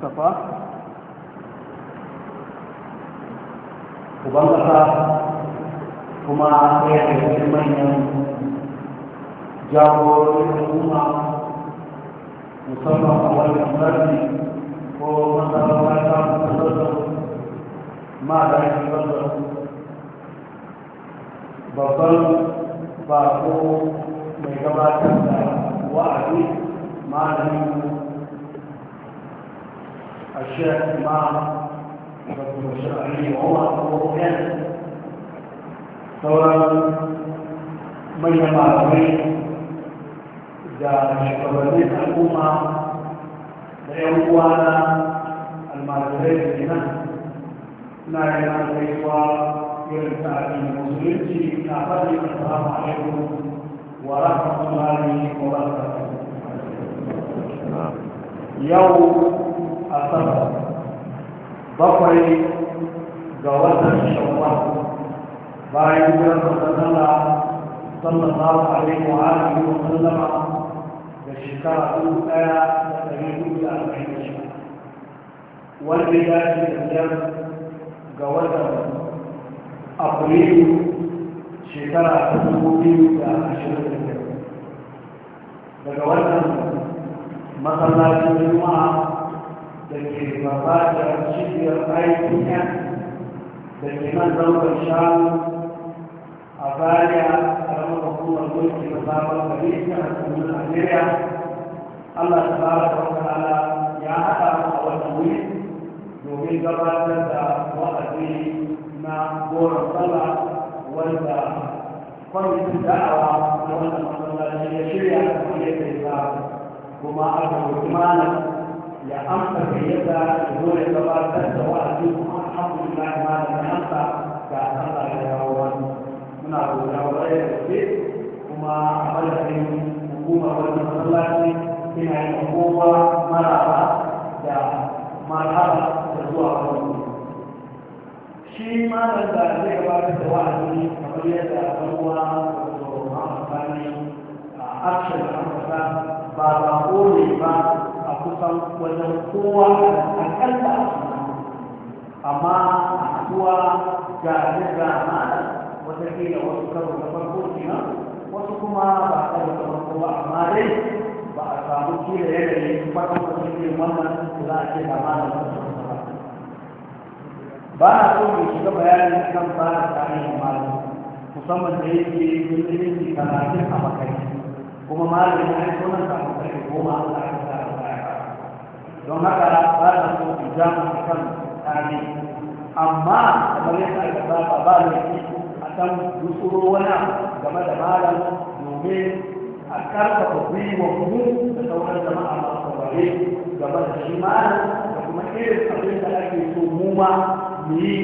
mustafa uban kasa kuma ɗaya da cikin manyan jagororin al'umma musamman a wannan sarki ko masarautar samun tasarruf ma da الشرع الحكم الشرعي وهو حكم كان سواء بينما رأيت da shugabannin al'umma da yan uwa na almajirai da gina na yi na kaiwa irin tsarin musulunci na fadi a tsarama a yau wa rahmatullahi wa barakatuhu yau bakwai ga watan shawwal bayan jiran masallala sallallahu alaihi wa alihi wa sallama da shekara dubu daya da ɗari hudu da arba'in da shida wanda ya ce da biyar ga watan afrilu shekara ta dubu biyu da ashirin da biyar daga wannan masallacin juma'a da ke gaba da cibiyar IPN da ke nan daukar shanu a baya karamar hukumar mulki na sabon gari ta hukumar Najeriya Allah ta fara ta'ala ya haɗa a wannan wuri domin gabatar da wa'azi na goron sallah wanda kwamitin da'awa na wannan masallaci ya shirya da yadda ya kuma aka hukumar لأمسى كيدا يقول الزبار تسا وأسيب الحمد لله ما لم ينسى كأسنى الحيوان من أبو الأولاد الشيء وما عملت الحكومة والمسلات من الحكومة مرأة مرأة تزوى shi ma da zai gabatar da wa'azi kamar yadda ɗan uwa wato ma'amfani a action kusan wajen kowa a ƙarfa amma a haɗuwa ga ga mana wata kila wasu karo na farko kenan wasu kuma ba a karo na farko ba amma dai ba a samu kila yanayi kwatan da suke wannan da za a ce ga mana ba na so mai shiga bayanin kan ba da tarihin malam musamman da yake yi talatin a makai kuma malamin ya yi sunan samun karfe goma a don haka ba na so in ja mu kan amma kamar yadda aka saba ba laifi a kan rusuro wani game da malam domin a karfafa gwiwar mu da sauran jama'a masu saurare game da shi malam da kuma irin abin da ake so mu ma mu yi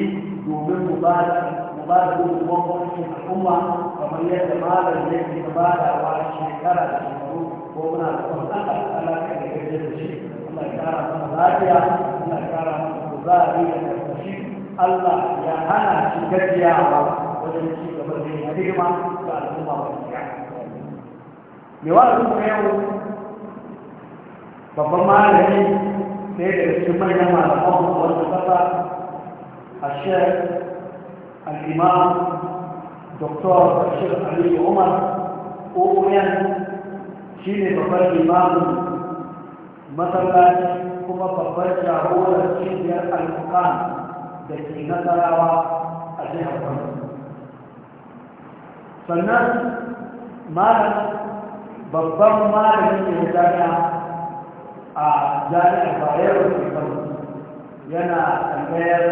domin mu ba da ba da gudunmuwan gwamnatin al'umma kamar yadda malam ne ke ba shekara da shekaru ko muna da kwanza a alaƙa da gajiyar da Allah ya kara mana lafiya Allah ya kara mana kuzari da karfashi Allah ya hana shi gajiyawa wajen ci gaba da yin hidima ga al'umma wa kiya me wa al'umma yau babban malami sai da cikin manyan malaman wannan kasa a shek الإمام دكتور الشيخ علي عمر أؤمن شيني بقى الإمام masallaci kuma babbar jagorar cibiyar alfukan da ke nasarawa a jihar kano sannan malam babban malamin ya jami'a a jami'ar bayero ke kano yana tambayar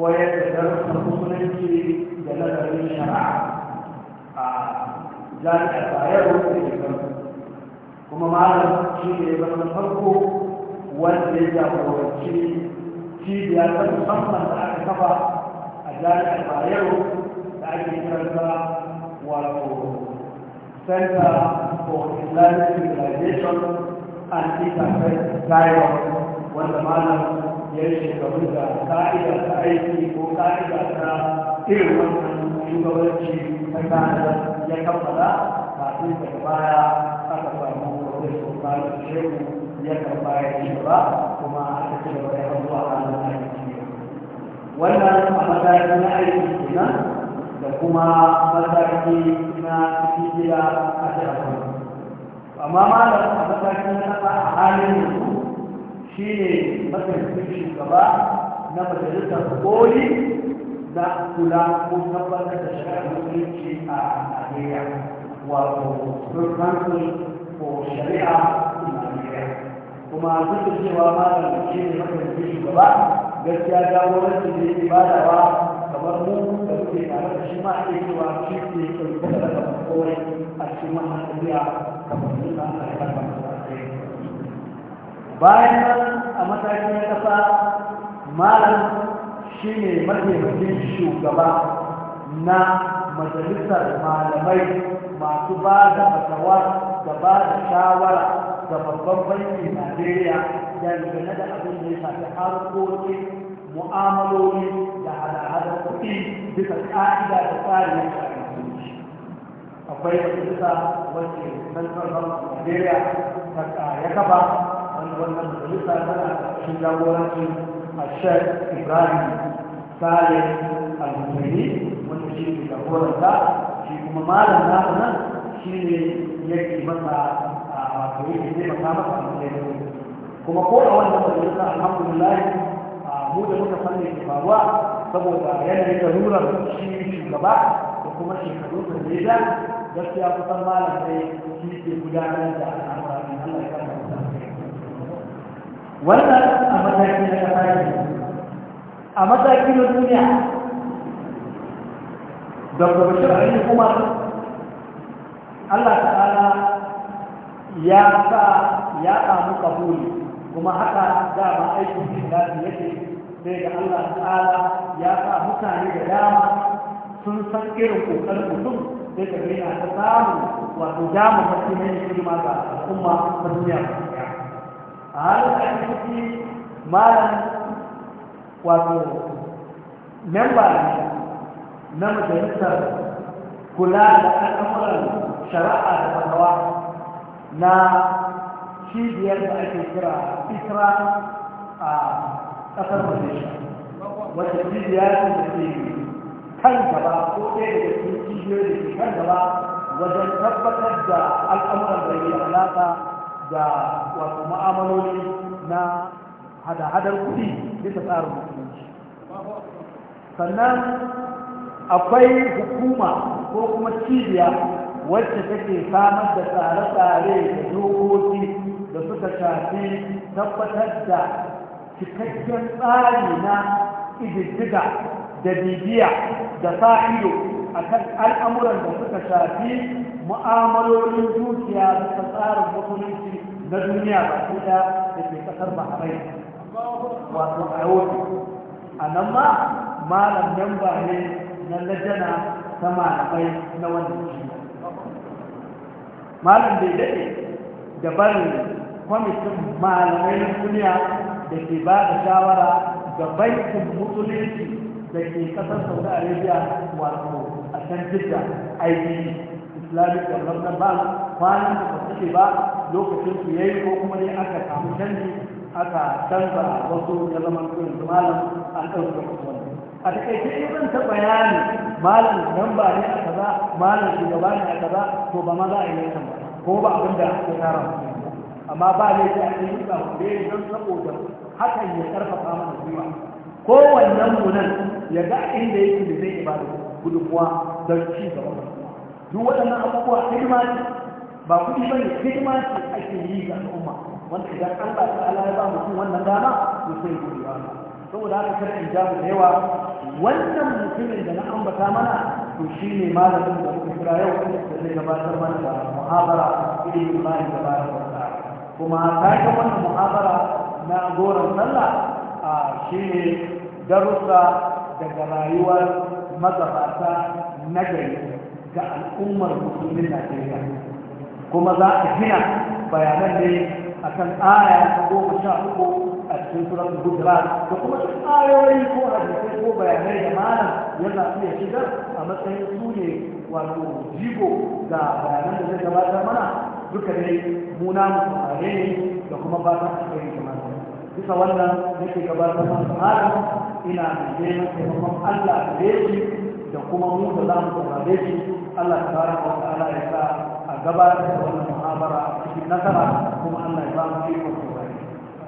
koyar da darussan musulunci da nazarin shari'a a jami'ar bayero ke kano kuma malam shi ne zama farko wanda ya jagoranci cibiya ta musamman da aka kafa a jami'ar bayero da ake karanta wato center for islamic civilization and interfaith dialogue wanda malam ya yi shekaru da ka'ida ta aiki ko ka'ida ta irin wannan shugabanci ta kanada ya kammala kafin daga baya aka malik shehu ya karba ya ci gaba kuma aka ci gaba ya zuwa ranar aiki wannan a mataki na aiki kenan da kuma mataki na hijira a shafin amma malam a mataki na a halin yanzu shi ne matsayin shugaba na majalisar koli na kula ko tabbatar da shari'ar musulunci a Najeriya wato Sultan ko shari'a islamiyya kuma duk da cewa malam shi ne makarci shugaba gaskiya jagoranci ne ibada ba kamar mu da muke tare da shi ma ake cewa shi ne ɗauke da daga kowai a cikin wannan tafiya kamar su na alƙarfa bayan nan a matakin na ƙasa malam shi ne mataimakin shugaba na majalisar malamai masu ba da fatawa da ba da shawara ga babban banki najeriya dangane da abin da ya shafi harkokin mu'amaloli da hada-hadar kuɗi bisa ƙa'ida da tsarin akwai majalisa wacce central bank of nigeria ya kafa wanda wannan majalisa tana ƙarƙashin jagorancin a shek ibrahim saleh al-mutane wanda shi ne jagoranta shi kuma malam na nan shi ne yake masa a wato yake taimaka masa a matsayin kuma ko a wannan majalisa alhamdulillah mu da muka san ne ke faruwa saboda yanayin larurar shi shugaba da kuma shekaru da leda gaskiya kusan malam sai shi ke gudanar da al'amuran Allah ya kama wannan a mataki na kasa ne a mataki na duniya da kuma shirin kuma Allah ta'ala ya sa ya samu kabuli kuma haka dama aikin islami yake sai ga Allah ta'ala ya sa mutane da dama sun san irin kokar mutum sai ka yana ta samu wato dama mafi mai hidima ga al'umma ta duniya a halin da ake malam wato memba ne na majalisar kula da al'amuran shari'a da fatawa na cibiyar da ake kira isra a ƙasar malaysia wata cibiya ce da ke kan gaba ko ɗaya da cikin cibiyoyi da ke kan gaba wajen tabbatar da al'amuran da ke alaƙa da wasu ma'amaloli na hada-hadar kuɗi bisa tsarin musulunci sannan akwai hukuma ko kuma cibiya wacce take samar da tsare-tsare da dokoki da suka shafi tabbatar da cikakken tsari na ididdiga da bibiya da fa'ido a kan al'amuran da suka shafi mu'amalolin dukiya da tsarin musulunci na duniya ba su da da ke kasar baharai wato a a nan ma malam yamba ne na lajana ta malamai na wannan shi malam bai daɗe da barin kwamitin malamai na duniya da ke ba da shawara ga bankin musulunci da ke ƙasar saudi arabia wato a can jidda aiki e, islamic development bank kwanan da ba suke ba lokacin su yayi ko kuma ne aka samu canji aka canza wasu ya zama malam an wani a takaice in zan ta bayani malam nan ba ne a kaza malam shugaba ne a kaza to ba ma za a yi ba ko ba abin da ya tara amma ba ne ta yi yi ba da ya don saboda hakan ya karfafa mana zuwa. Kowanne mu nan ya ga inda yake da zai ba da gudunmuwa don ci gaba duk waɗannan abubuwa hidima ce ba kuɗi ba ne hidima ce ake yi ga al'umma wanda idan Allah ta'ala ya ba mutum wannan dama to sai godiya saboda haka kar in jamu da yawa wannan mutumin da na ambata mana to shi ne malamin da muka kira yau da zai gabatar mana da muhabara ilimin lahi da bayan wata kuma taken wannan muhabara na goron sallah shi ne darussa daga rayuwar magabata na gari ga al'ummar musulmin najeriya kuma za a gina bayanan ne akan aya goma sha uku a cikin suran gudra da kuma duk ayoyi ko hadisai ko bayanai da malam ya zaɓi ya a matsayin su ne wato jigo ga bayanan da zai gabatar mana duka dai muna mu saurare ne da kuma fatan alheri ga malam bisa wannan nake gabatar mana malam ina da neman taimakon Allah da shi da kuma mu da zamu mu saurare shi Allah ta baraka wa ta'ala ya sa a gabatar da wannan muhabara cikin nasara kuma Allah ya ba mu ikon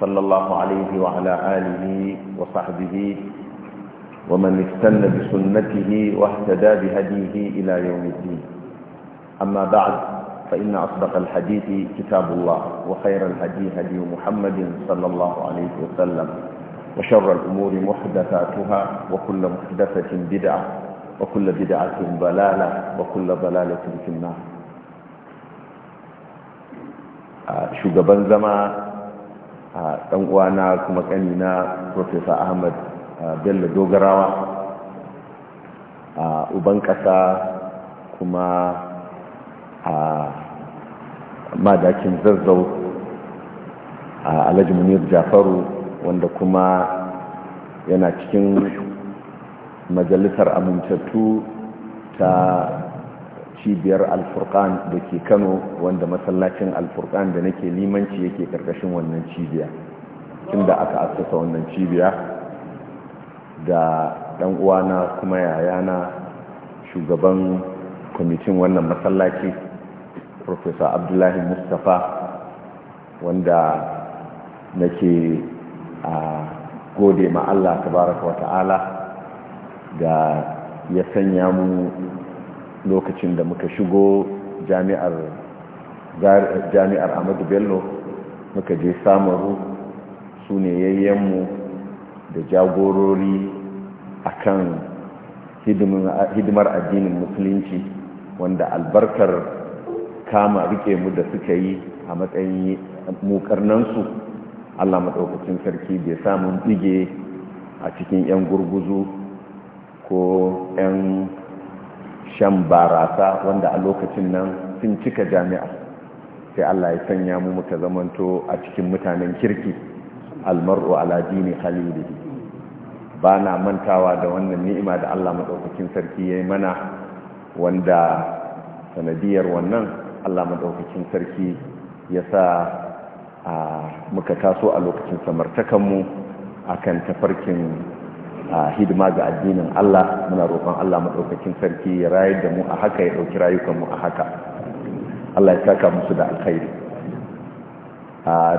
صلى الله عليه وعلى آله وصحبه ومن استنى بسنته واهتدى بهديه إلى يوم الدين أما بعد فإن أصدق الحديث كتاب الله وخير الهدي هدي محمد صلى الله عليه وسلم وشر الأمور محدثاتها وكل محدثة بدعة وكل بدعة ضلالة وكل ضلالة في النار آه، شو قبل زمان dan na kuma kani na professor ahmad bello dogarawa uban kasa kuma a madakin zazzau a alhaji munir jafaru wanda kuma yana cikin majalisar amintattu ta cibiyar alfurkan da ke kano wanda masallacin alfurkan da nake limanci yake karkashin wannan cibiya tun aka asasa wannan cibiya da dan uwana kuma yayana shugaban kwamitin wannan masallaci professor abdullahi mustapha wanda nake a gode ma allah tabaraka wata'ala da ya sanya mu lokacin da muka shigo jami'ar amadu bello muka je samaru su ne yayyenmu da jagorori a kan hidimar addinin musulunci wanda albarkar kama rike mu da suka yi a matsayin mukarnansu allah maɗaukacin sarki bai samun ɗige a cikin 'yan gurguzu ko 'yan shan barasa wanda a lokacin nan sun cika jami'a sai Allah ya sanya mu muka zamanto a cikin mutanen kirki almar'u ala dini khalilihi ba na mantawa da wannan ni'ima da Allah madaukakin sarki yayi mana wanda sanadiyar wannan Allah madaukakin sarki ya sa muka taso a lokacin samartakan mu akan tafarkin A hidima ga addinin Allah muna roƙon Allah maɗaukakin sarki ya rayar da mu a haka ya ɗauki rayukanmu a haka Allah ya saka musu da alkhairi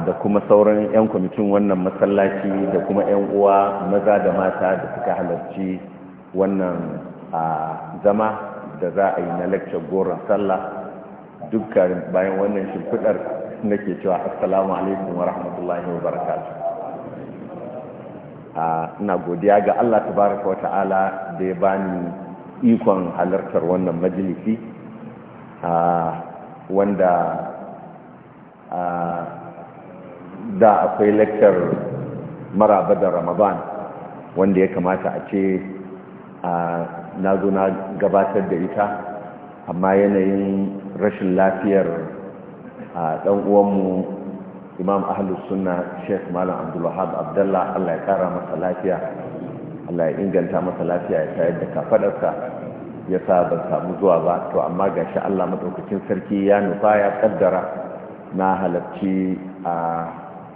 da kuma sauran 'yan kwamitin wannan masallaci da kuma 'yan uwa maza da mata da suka halarci wannan zama da za a yi na lecture goron sallah dukkan bayan wannan shimfiɗar nake cewa assalamu alaikum wa rahmatullahi wa barakatuh ina godiya ga Allah tabaraka wata'ala da ya bani ikon halartar wannan majalisi wanda da akwai lakcar maraba da ramadan wanda ya kamata a ce na zo na gabatar da ita amma yanayin rashin lafiyar ɗan uwanmu imam ahlus sunna sheikh malam abdulwahab abdullah allah ya kara masa lafiya allah ya inganta masa lafiya ya tayar da kafadarsa ya sa ban samu zuwa ba to amma ga shi allah madaukakin sarki ya nufa ya kaddara na halarci a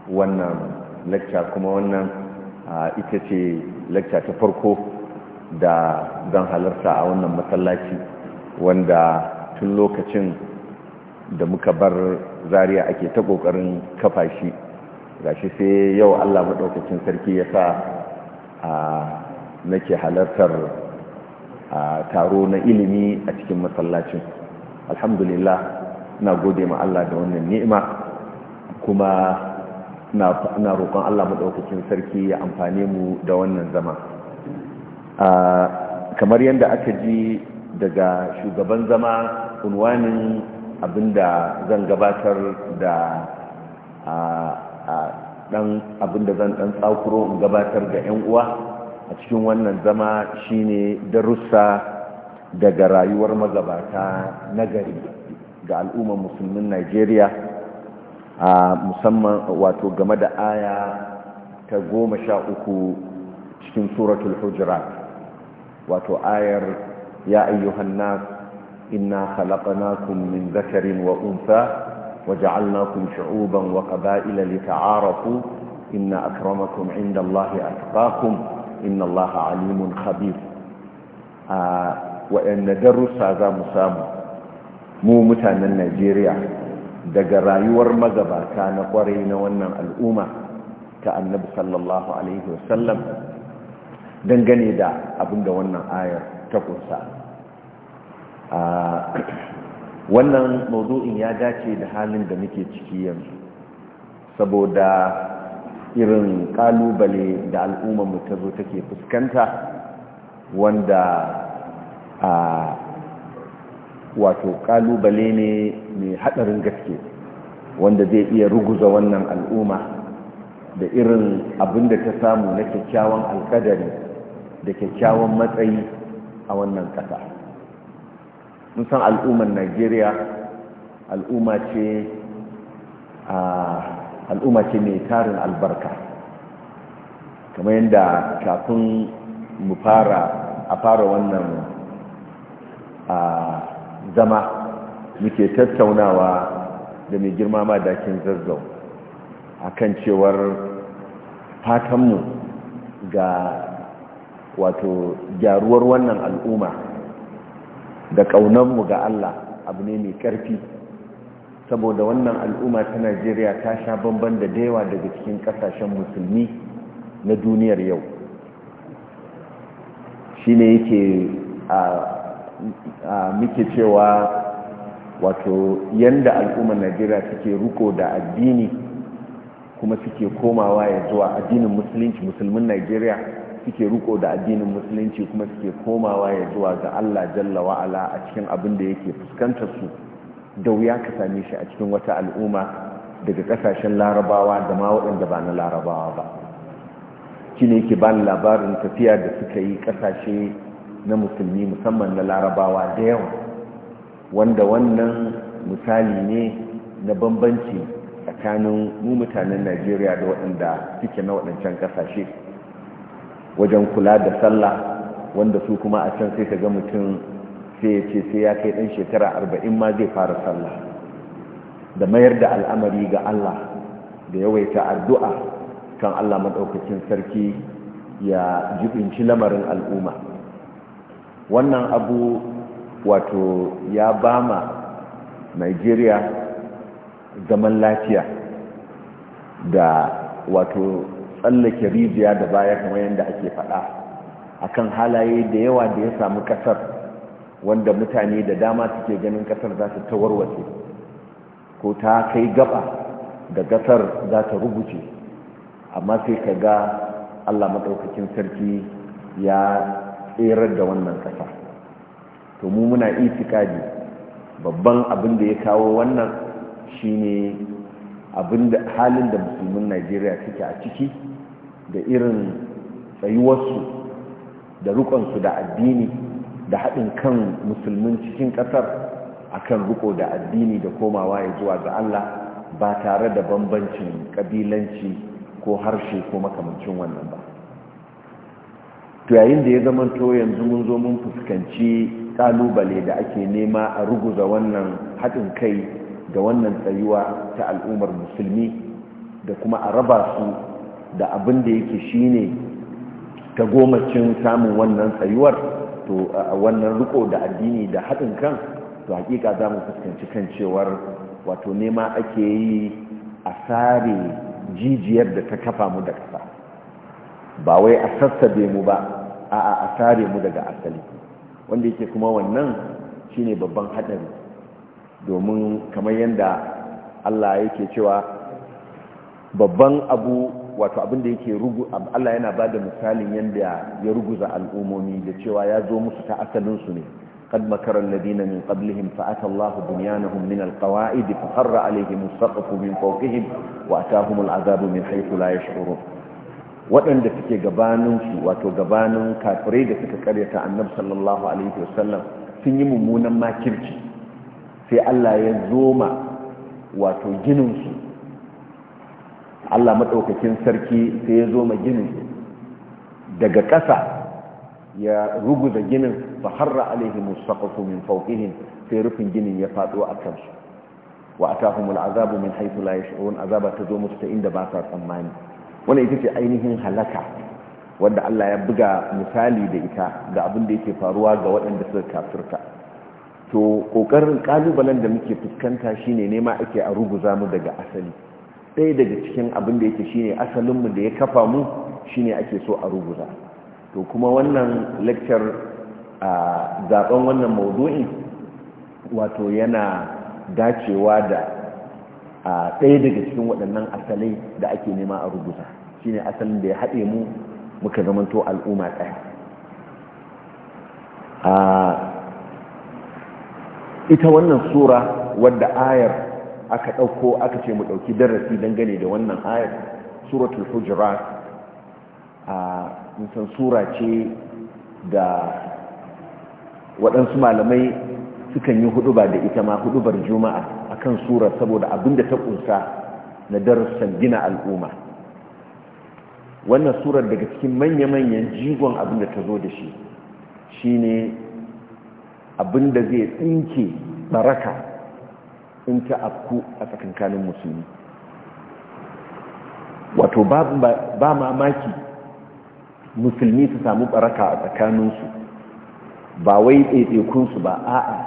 wannan lecture kuma wannan ita ce lecture ta farko da zan halarta a wannan masallaci wanda tun lokacin da muka bar zariya ake ta kokarin kafa shi gashi sai yau allah maɗaukacin sarki ya sa a nake halartar taro na ilimi a cikin masallacin alhamdulillah na gode ma allah da wannan ni'ima kuma na roƙon allah maɗaukacin sarki ya amfane mu da wannan zama kamar yadda aka ji daga shugaban zama unwanin abinda zan gabatar da a dan abinda zan dan tsakuro in gabatar ga yan uwa a cikin wannan zama shine darussa daga rayuwar magabata nagari ga al'umma musulmin Najeriya a musamman wato game da aya ta goma sha uku cikin suratul hujurat wato ayar ya ayyuhan nas inna khalaqnakum min dhakarin wa untha waja'alnakum shu'uban wa qaba'ila lita'arafu inna akramakum 'inda Allahi atqakum inna Allaha 'alimun Habib. wa inna darusa za mu samu mu mutanen Najeriya daga rayuwar magabata na kware na wannan al'umma ta Annabi sallallahu alaihi wasallam dangane da abinda wannan ayar ta kunsa wannan mazu'in ya dace da halin da muke ciki yanzu saboda irin kalubale da al'ummar mu ta zo take fuskanta wanda a wato kalubale ne mai hadarin gaske wanda zai iya ruguza wannan al'umma da irin abin da ta samu na kyakkyawan alƙadari, da kyakkyawan matsayi a wannan ƙasa. mun san al'ummar Najeriya al'umma ce ce mai tarin albarka kamar yadda kafin mu fara a fara wannan zama muke tattaunawa da mai girma ma dakin zazzau kan cewar fatanmu ga wato gyaruwar wannan al'umma da ƙaunanmu ga Allah abu ne mai ƙarfi saboda wannan al'umma ta Najeriya ta sha bamban da dayawa daga cikin ƙasashen musulmi na duniyar yau shi ne yake a muke cewa wato yanda al'ummar Najeriya suke ruko da addini kuma suke komawa ya zuwa addinin musulunci musulmin Najeriya suke riko da addinin musulunci kuma suke komawa ya zuwa ga Allah jalla wa'ala a cikin abin da yake fuskantar su da wuya ka same shi a cikin wata al'umma daga kasashen larabawa da ma waɗanda ba na larabawa ba shi ne yake bani labarin tafiya da suka yi kasashe na musulmi musamman na larabawa da yawa wanda wannan misali ne na bambanci tsakanin mu mutanen najeriya da waɗanda suke na waɗancan kasashe wajen kula da sallah wanda su kuma a can sai ka ga mutum sai ya ce sai ya kai ɗan shekara arba'in ma zai fara sallah da mayar da al'amari ga Allah da yawaita addu'a kan Allah maɗaukacin sarki ya jibinci lamarin al'umma wannan abu wato ya ba ma Nigeria zaman lafiya da wato tsallake rijiya da baya kamar yadda ake faɗa a kan halaye da yawa da ya samu ƙasar wanda mutane da dama suke ganin ƙasar za su warwace ko ta kai gaba da ƙasar za ta rubuce amma sai ka ga allah maɗaukakin sarki ya tserar da wannan ƙasa to mu muna itikadi babban abin da ya kawo wannan shine abin da halin da musulmin najeriya suke a ciki da irin tsayuwarsu da rukonsu da addini da haɗin kan musulmin cikin ƙasar a kan riko da addini da komawa ya zuwa ga Allah ba tare da bambancin ƙabilanci ko harshe ko makamancin wannan ba to yayin da ya zama to yanzu mun zo mun fuskanci kalubale da ake nema a ruguza wannan haɗin kai da wannan tsayuwa ta al'ummar musulmi da kuma a raba su da abin da yake ne ta gomacin samun wannan tsayuwar to a wannan riko da addini da haɗin kan to hakika za mu fuskanci kan cewar wato nema ake yi a sare jijiyar da ta kafa mu da ƙasa ba wai a sassabe mu ba a a sare mu daga asali wanda yake kuma wannan shi ne babban haɗari domin kamar yadda Allah yake cewa babban abu wato abin da yake rugu Allah yana da misalin yanda ya ruguza al'umomi da cewa ya zo musu ta asalin su ne qad makara alladhina min qablihim fa ata Allah bunyanahum min alqawa'id fa kharra alayhim as-saqfu min fawqihim wa atahum al'adabu min haythu la yash'urun waɗanda suke gabanin su wato gabanin kafirai da suka karyata annabi sallallahu sun yi mummunan makirci sai Allah ya zoma wato ginin su Allah maɗaukakin sarki sai ya zo ma ginin daga ƙasa ya ruguza ginin fa harra alaihi saqafu min fauƙihin sai rufin ginin ya faɗo a kansu wa atahumul azabu min haifu la yash'urun azaba ta zo musu ta inda ba sa tsammani wani ita ce ainihin halaka wanda Allah ya buga misali da ita ga abin da yake faruwa ga waɗanda suka kafirta to ƙoƙarin ƙalubalen da muke fuskanta shine nema ake a ruguza mu daga asali ɗaya daga cikin abin da yake shine asalinmu da ya kafa mu shine ake so a rubuta to kuma wannan lecture a zaben wannan maudu'in wato yana dacewa da a ɗaya daga cikin waɗannan asalai da ake nema a rubuta shine asalin da ya haɗe mu muka zamanto al'umma ɗaya ita wannan sura wadda ayar aka ɗauko aka ce mu ɗauki darasi dangane da wannan ayar suratul hujurat a nisan sura ce da waɗansu malamai sukan yi huduba da ita ma hudubar juma'a akan sura saboda abinda ta ƙunsa na darussan gina al'umma wannan surar daga cikin manya-manyan jigon abin da ta zo da shi shine abin da zai tsinke baraka in ta afku a tsakankanin musulmi wato ba mamaki musulmi su samu baraka a tsakaninsu ba wai ɗaiɗaikunsu ba a'a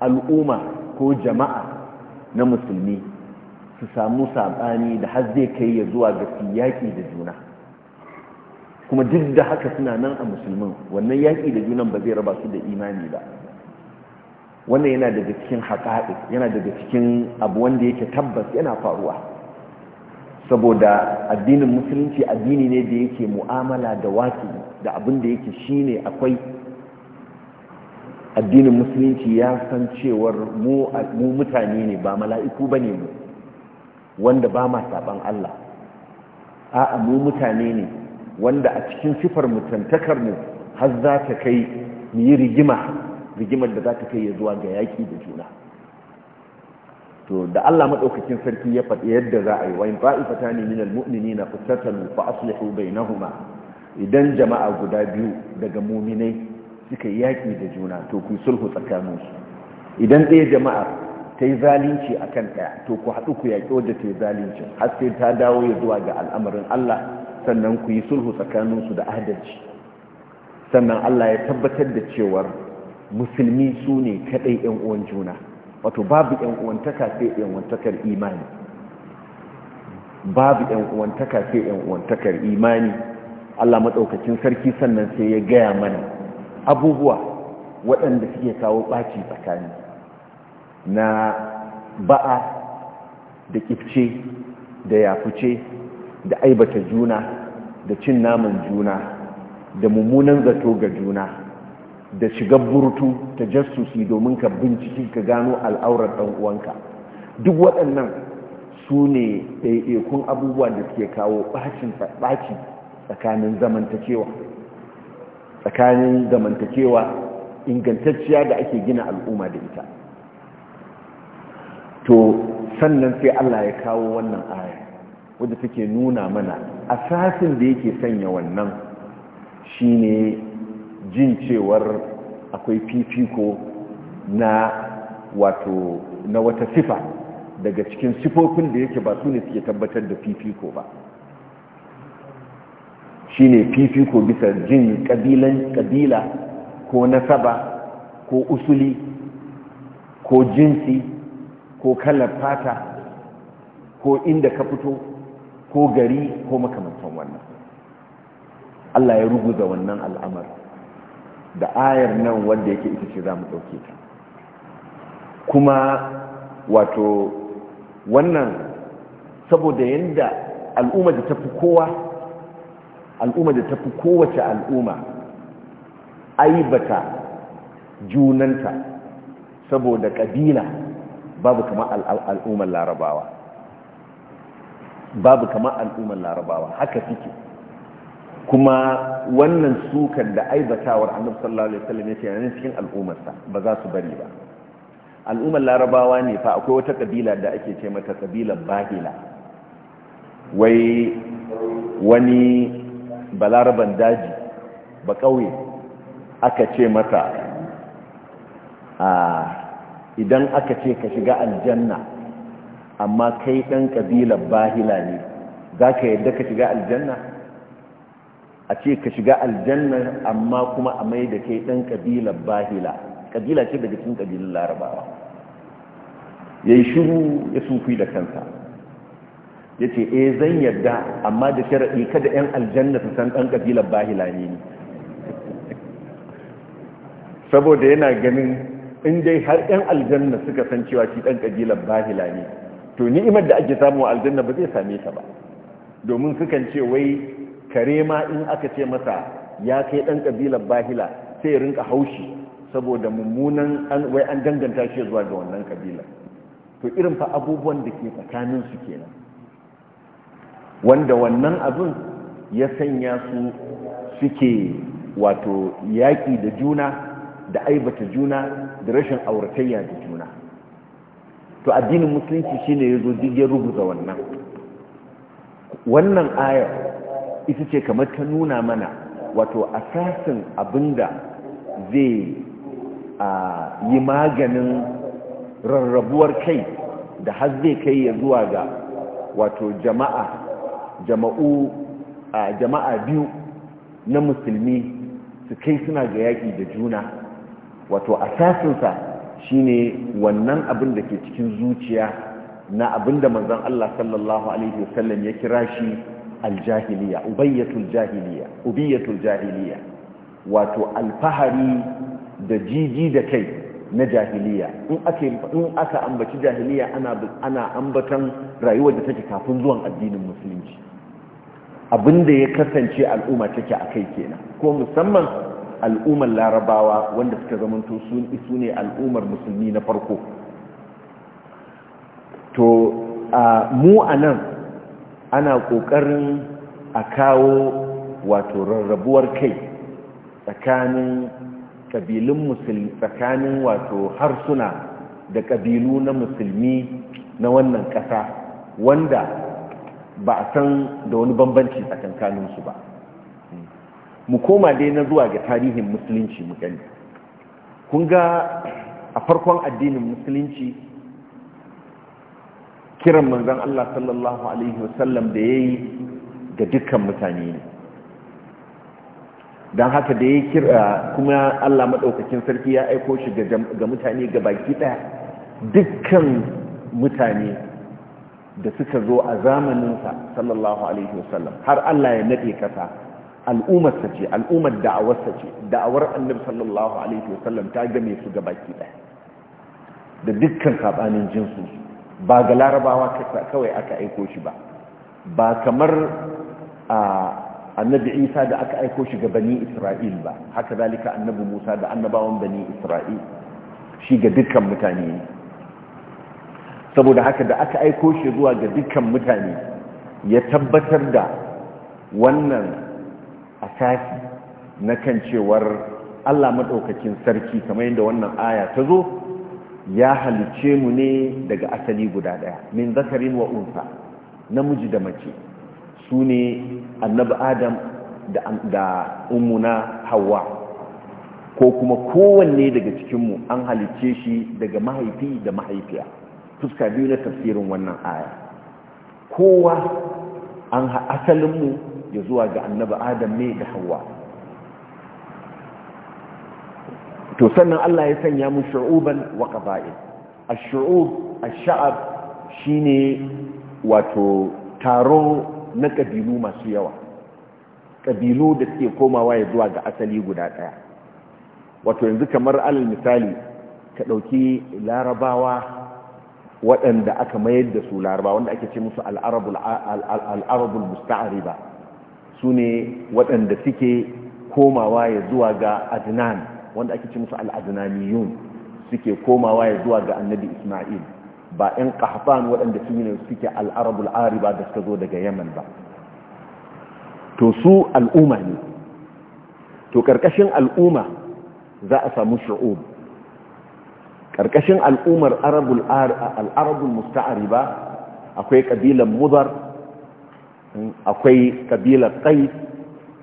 al'umma ko jama'a na musulmi su samu saɓani da har zai kai ya zuwa ga yaƙi da juna kuma duk da haka suna nan a musulmin wannan yaƙi da junan ba zai raba su da imani ba wannan yana daga cikin haƙaɗi yana daga cikin abu wanda yake tabbas yana faruwa saboda addinin musulunci addini ne da yake mu'amala da waki da abin da yake shine akwai addinin musulunci ya san cewar mu mutane ne ba mala'iku ba ne mu wanda ba ma saɓan Allah a'a mu mutane ne wanda a cikin sifar mutuntakar mu har za ta kai mu yi rigima rigimar da za ta kai ya zuwa ga yaƙi da juna to da Allah maɗaukacin sarki ya faɗi yadda za a yi wa in fa'ifata ne minal mu'minina fattatalu fa bai nahuma, idan jama'a guda biyu daga mu'minai suka yaƙi da juna to ku sulhu tsakaninsu, idan ɗaya jama'a ta yi zalunci a kan ɗaya to ku haɗu ku yaƙi wadda ta yi zalunci har sai ta dawo ya zuwa ga al'amarin Allah sannan ku yi sulhu tsakaninsu da adalci sannan Allah ya tabbatar da cewar musulmi su ne kaɗai ‘yan uwan juna wato babu ‘yan uwantaka sai ‘yan imani babu ‘yan uwantaka sai ‘yan imani Allah maɗaukacin sarki sannan sai ya gaya mana abubuwa waɗanda suke kawo ɓaci tsakani na ba'a da ƙifce da yafuce da aibata juna da cin naman juna da mummunan zato ga juna da shiga burtu ta jasusi domin ka binciki ka gano al'aurar ɗan uwanka duk waɗannan su ne ɗaiɗaikun abubuwan da suke kawo ɓacin ɓaci tsakanin zamantakewa tsakanin zamantakewa ingantacciya da ake gina al'umma da ita to sannan sai Allah ya kawo wannan aya wadda take nuna mana asasin da yake sanya wannan shine jin cewar akwai fifiko na wato na wata sifa daga cikin sifofin da yake ba su ne suke tabbatar da fifiko ba shi ne fifiko bisa jin ƙabilan ƙabila ko nasaba ko usuli ko jinsi ko kalar fata ko inda ka fito ko gari ko makamantan wannan Allah ya ruguza wannan al'amar da ayar nan wanda yake ita ce za mu ɗauke ta kuma wato wannan saboda yadda al'umma da tafi kowa al'umma da tafi kowace al'umma aibata junanta saboda ƙabila babu kama al'ummar larabawa babu kama al'ummar larabawa haka suke kuma wannan sukan da aibatawar annabi sallallahu alaihi wasallam yace yana cikin al'ummarsa ba za su bari ba al'ummar larabawa ne fa akwai wata kabila da ake ce mata kabilar bahila wai wani balaraban daji ba kauye aka ce mata a idan aka ce ka shiga aljanna amma kai dan kabilar bahila ne za ka yadda ka shiga aljanna a ce ka shiga aljanna amma kuma a mai da kai ɗan ƙabilar bahila ƙabila ce daga cikin ƙabilun larabawa ya yi shuru ya sufi da kansa ya ce eh zan yadda amma da sharaɗi kada 'yan aljanna su san ɗan ƙabilar bahila ne ne saboda yana ganin in dai har 'yan aljanna suka san cewa shi ɗan ƙabilar bahila ne to ni'imar da ake samu aljanna ba zai same ta ba domin sukan ce wai kare ma in aka ce masa ya kai ɗan ƙabilar bahila sai ya rinka haushi saboda mummunan an wai an danganta shi zuwa ga wannan ƙabila to irin fa abubuwan da ke tsakanin su kenan wanda wannan abin ya sanya su suke wato yaƙi da juna da aibata juna da rashin auratayya da juna to addinin musulunci shine ya zo duk ya rubuta wannan wannan ayar ita ce kamar ta nuna mana wato asasin abinda zai yi maganin rarrabuwar kai da har zai kai ya zuwa ga wato jama'a jama'u a jama'a biyu na musulmi su kai suna ga yaƙi da juna wato asasinsa shine wannan abin da ke cikin zuciya na abin da manzon Allah sallallahu alaihi wasallam ya kira shi aljahiliya ubayyatul jahiliya ubiyatul jahiliya wato alfahari da jiji da kai na jahiliya in aka in aka ambaci jahiliya ana ambatan rayuwar da take kafin zuwan addinin musulunci abinda ya kasance al'umma take a kai kenan ko musamman al'ummar larabawa wanda suka zamanto sun ne al'ummar musulmi na farko to mu anan ana ƙoƙarin a kawo wato rarrabuwar kai tsakanin ƙabilun musulmi tsakanin wato harsuna da ƙabilu na musulmi na wannan ƙasa wanda ba a san da wani bambanci tsakankaninsu ba mu koma dai na zuwa ga tarihin musulunci mu gani kun ga a farkon addinin musulunci kiran manzon Allah sallallahu alaihi wasallam da yayi ga dukkan mutane ne don haka da ya kira kuma Allah maɗaukakin sarki ya aiko shi ga mutane ga baki ɗaya dukkan mutane da suka zo a zamaninsa sallallahu alaihi wasallam har Allah ya naɗe kasa al'ummar ce al'ummar da'awarsa ce da'awar annabi sallallahu alaihi wasallam ta game su ga baki ɗaya da dukkan saɓanin jinsu ba ga larabawa kawai aka aiko shi ba ba kamar annabi isa da aka aiko shi ga bani isra'il ba haka zalika annabi musa da annabawan bani isra'il shi ga dukkan mutane saboda haka da aka aiko shi zuwa ga dukkan mutane ya tabbatar da wannan asasi na kan cewar allah maɗaukakin sarki kamar yadda wannan aya ta zo ya halice mu ne daga asali guda daya min zakarin wa unsa namiji da mace su ne annabi adam da ummuna hawa ko kuma kowanne daga cikinmu an halice shi daga mahaifi da mahaifiya fuska biyu na tafsirin wannan aya kowa an asalinmu ya zuwa ga annabi adam ne da hawa to sannan Allah ya sanya mu shu'uban wa qaba'il ash-shu'ub ash-sha'ab shine wato taro na kabilu masu yawa kabilu da suke komawa ya zuwa ga asali guda daya wato yanzu kamar alal misali ka dauki larabawa waɗanda aka mayar da su larabawa wanda ake ce musu al'arabul musta'ariba su ne waɗanda suke komawa ya zuwa ga adnan wanda ake ce musu al'adnaniyun suke komawa ya zuwa ga annabi isma'il ba 'yan ƙahfan waɗanda su ne suke al'arabul da suka zo daga yaman ba to su al'umma ne to ƙarƙashin al'umma za a samu shu'ub ƙarƙashin al'ummar musta'ari musta'ariba akwai ƙabilar mudar akwai ƙabilar ƙa'id,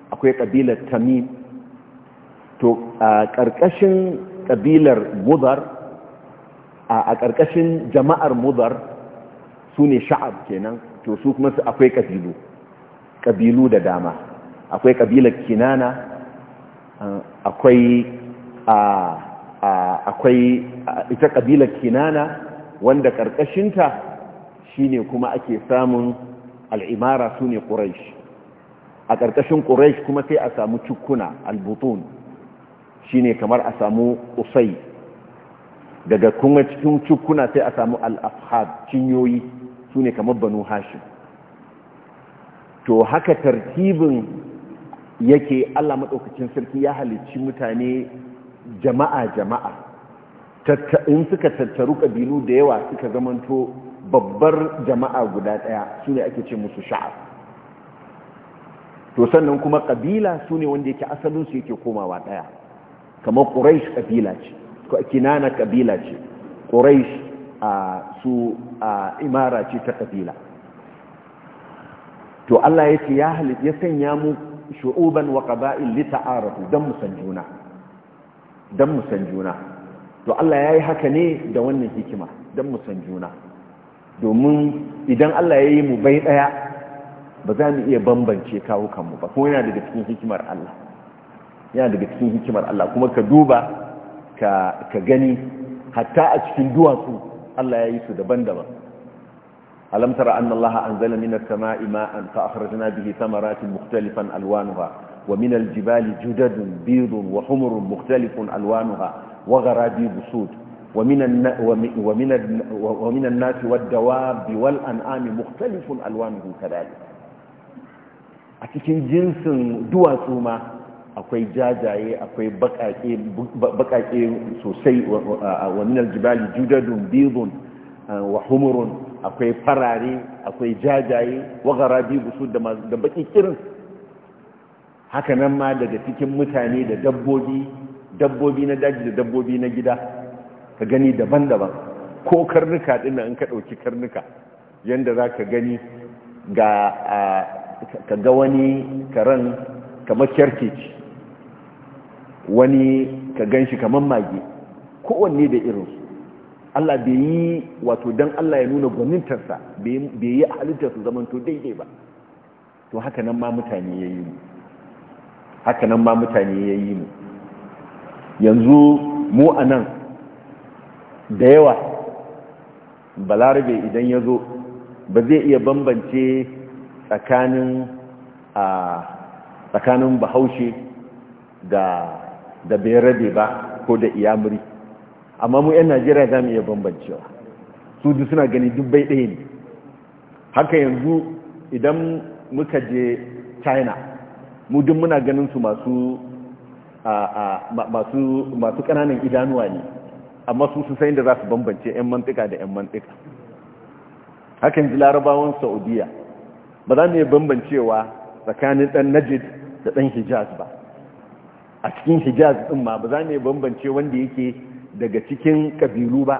akwai ƙabilar tamim to a ƙarƙashin ƙabilar mudar a ƙarƙashin jama'ar mudar su ne sha'ab kenan to su kuma akwai ƙabilu ƙabilu da dama akwai ƙabilar kinana akwai ita ƙabilar kinana wanda ƙarƙashinta shine kuma ake samun al'imara sune ne a ƙarƙashin ƙuraish kuma sai a samu cukuna, albutun Shi ne kamar a samu usai daga kuma cikin cukuna sai a samu al'afhad afhad su ne kamar banu hashi to haka tartibin yake Allah maɗaukacin sarki ya halicci mutane jama'a jama'a in suka tattaru ƙabilu da yawa suka zamanto babbar jama'a guda ɗaya su ne ake ce musu sha'ab to sannan kuma ƙabila su ne wanda yake asalinsu yake komawa ɗaya kamar ƙuraish kabila ce kinana kabila ce a su imara ce ta kabila to Allah ya ce ya halit ya sanya mu shu'uban wa qaba'il li ta'arufu dan musan juna dan musan juna to Allah yayi haka ne da wannan hikima dan musan juna domin idan Allah yayi mu bai daya ba za mu iya bambance kawukan mu ba Ko yana daga cikin hikimar Allah yana daga cikin hikimar Allah kuma ka duba ka gani hatta a cikin duwatsu Allah ya yi su daban-daban alam tara anna Allah anzala minas sama'i ma'an fa akhrajna bihi thamaratin mukhtalifan alwanuha wa minal jibali judadun bidun wa humurun mukhtalifun alwanuha wa gharabi sud ومن الناس والدواب والأنعام مختلف ألوانه كذلك a cikin jinsin duwatsu ma akwai jajaye akwai bakake sosai wa minal jibali judadun bidun wa humurun akwai farare akwai jajaye wa bibu su da baki kirin haka nan ma daga cikin mutane da dabbobi dabbobi na daji da dabbobi na gida ka gani daban-daban ko karnuka ɗin in ka ɗauki karnuka yadda za ka gani ga ka ga wani karen kamar kyarkeci wani ka gan shi kamar mage kowanne da irinsu Allah bai yi wato don Allah ya nuna gwanintarsa bai yi a halittarsu to daidai ba to haka nan ma mutane ya yi mu haka nan ma mutane ya yi mu yanzu mu a nan da yawa balarabe idan ya zo ba zai iya bambance tsakanin tsakanin bahaushe da da bai rabe ba ko da iyamuri amma mu 'yan najeriya za mu iya bambancewa su duk suna gani dubbai ɗaya ne haka yanzu idan muka je china mu duk muna ganin su masu ƙananan idanuwa ne amma su sun sayin da za su bambance 'yan mantika da 'yan mantika haka yanzu larabawan saudiya ba za mu iya bambancewa tsakanin ɗan najid da ɗan hijaz ba a cikin hijaz din ma ba za mu bambance wanda yake daga cikin kabilu ba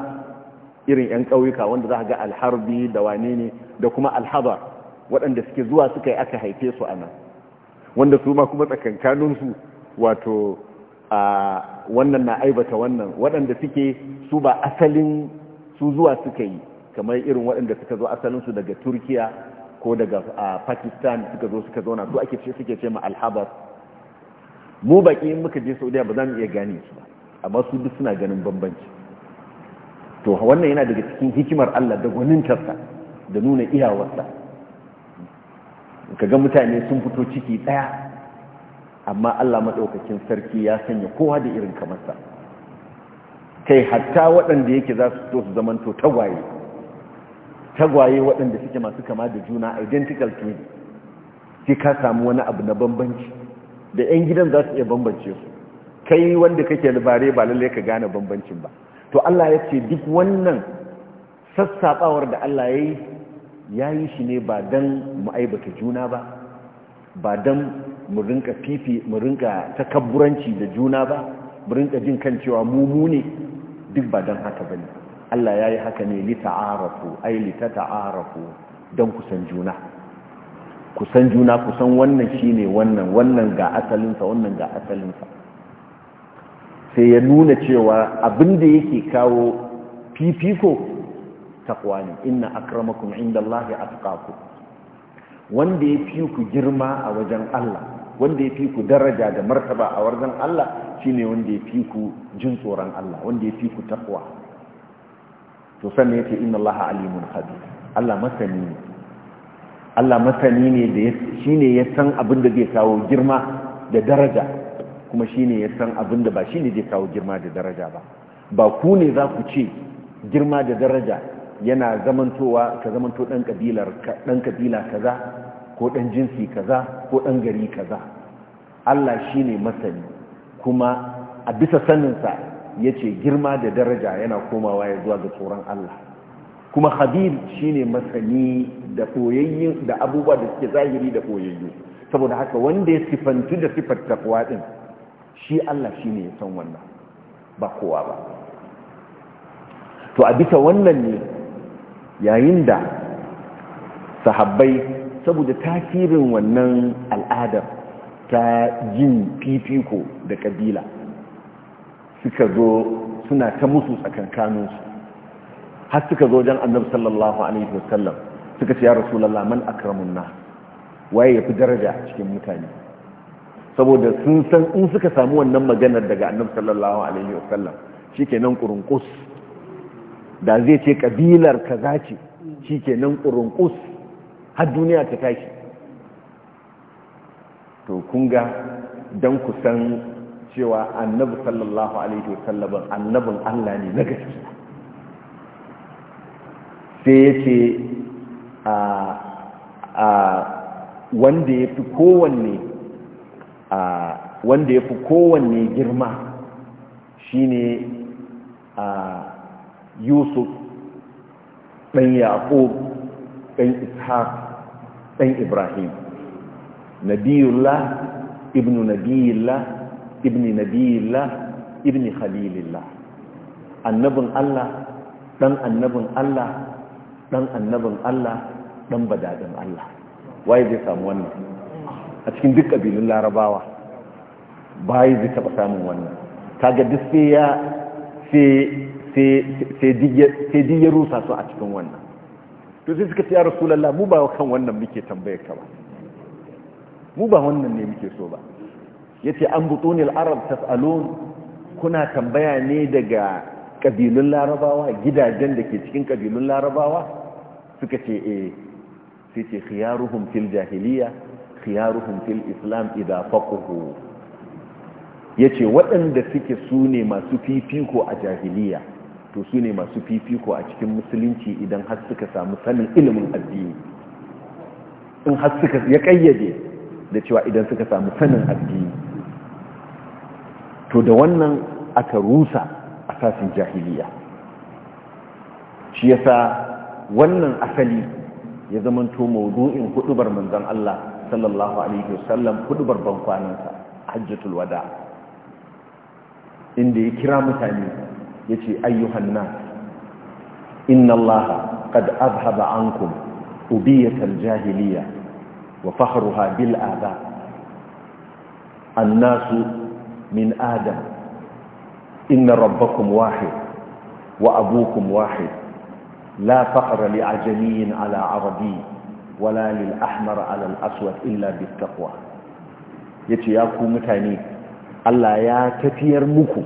irin yan ƙauyuka wanda za ga alharbi da wane ne da kuma alhabar waɗanda suke zuwa suka yi aka haife su a nan wanda su ma kuma tsakankaninsu wato a wannan na aibata wannan waɗanda suke su ba asalin su zuwa suka yi kamar irin waɗanda suka zo asalinsu daga turkiya ko daga pakistan suka zo suka zauna su ake suke ce ma alhabar mu baki in muka je saudiya ba za mu iya gane su ba amma su duk suna ganin bambanci to wannan yana daga cikin hikimar Allah da gwanintarsa da nuna iyawarsa kaga mutane sun fito ciki ɗaya amma Allah maɗaukakin sarki ya sanya kowa da irin kamarsa kai hatta waɗanda yake za su fito su zamanto tagwaye tagwaye waɗanda suke masu kama da juna identical twin sai ka samu wani abu na bambanci da 'yan gidan za su iya bambance su kai wanda kake bare ba lallai ka gane bambancin ba to Allah ya ce duk wannan sassaɓawar da Allah ya yi ya yi shi ne ba don ma'aibata juna ba ba don murinka fifi murinka takabburanci da juna ba murinka jin kan cewa mumu ne duk ba don haka ba ne Allah ya yi haka ne li ta'arafu ai li ta ta'arafu don kusan juna Ku san juna kusan wannan shine wannan wannan ga asalinsa wannan ga asalinsa sai ya nuna cewa abin da yake kawo fifiko takwa ne inna akramakum indallahi atqakum wanda ya fi ku girma a wajen Allah wanda ya fi ku daraja da martaba a wajen Allah shine wanda ya fi ku jin tsoron Allah wanda ya fi ku takwa to sannan yake inna Allah alimun khabir Allah masani ne Allah masani ne da shi ne ya san abin da zai kawo girma da daraja kuma shi ne ya san abin da ba shi ne zai kawo girma da daraja ba ba ku ne za ku ce girma da daraja yana zamantowa ka zamanto ɗan ɗan kabila kaza ko ɗan jinsi kaza ko ɗan gari kaza Allah shi ne masani kuma a bisa saninsa ya ce girma da daraja yana komawa ya zuwa ga tsoron Allah kuma habib shine masani da koyayyen da abubuwa da suke zahiri da koyayyu saboda haka wanda ya sifantu da sifar takwa din shi Allah shine ya san wannan ba kowa ba to a bisa wannan ne yayin da sahabbai saboda tasirin wannan al'adar ta jin fifiko da kabila suka zo suna ta musu tsakankaninsu har suka zo wajen annabi sallallahu alaihi wasallam suka ce ya rasulullah man akramun nas waye yafi daraja a cikin mutane saboda sun san in suka samu wannan maganar daga annabi sallallahu alaihi wasallam shikenan qurunqus da zai ce kabilar kaza ce shikenan qurunqus har duniya ta tashi to kun ga dan ku san cewa annabi sallallahu alaihi wasallam annabin Allah ne na gaskiya sai ya ce wanda ya fi kowanne wanda ya fi girma shine yusuf ɗan yaƙob ɗan ishaq ɗan ibrahim nabiyullah Ibn nabiyullah Ibn nabiyullah Ibn khalilullah annabin allah ɗan annabin allah ɗan annabin Allah ɗan badadin Allah waye zai samu wannan a cikin duk ƙabilun larabawa bayi zai taɓa samun wannan kaga duk sai ya sai duk rusa su a cikin wannan to sai suka ce ya rasulallah mu ba kan wannan muke tambayar ka ba mu ba wannan ne muke so ba yace an butunil arab tasalun kuna tambaya ne daga kabilun larabawa gidajen da ke cikin kabilun larabawa suka ce eh sai ce khiyaruhum fil jahiliya khiyaruhum fil islam idza faqahu yace waɗanda suke sune ne masu fifiko a jahiliya to su masu fifiko a cikin musulunci idan har suka samu sanin ilimin addini in har suka ya kayyade da cewa idan suka samu sanin addini to da wannan aka rusa a sasin jahiliya shi yasa wannan asali ya zamanto maudu'in hudubar manzon Allah sallallahu alaihi wasallam hudubar bankwanansa hajjatul wada inda ya kira mutane yace ayyuhan nas inna Allah qad azhaba ankum ubiyatal jahiliya wa fakhruha bil adha annasu min adam inna rabbakum wahid wa abukum wahid لا فخر لعجمي على عربي ولا للأحمر على الأسود إلا بالتقوى yace ya ku mutane Allah ya tafiyar muku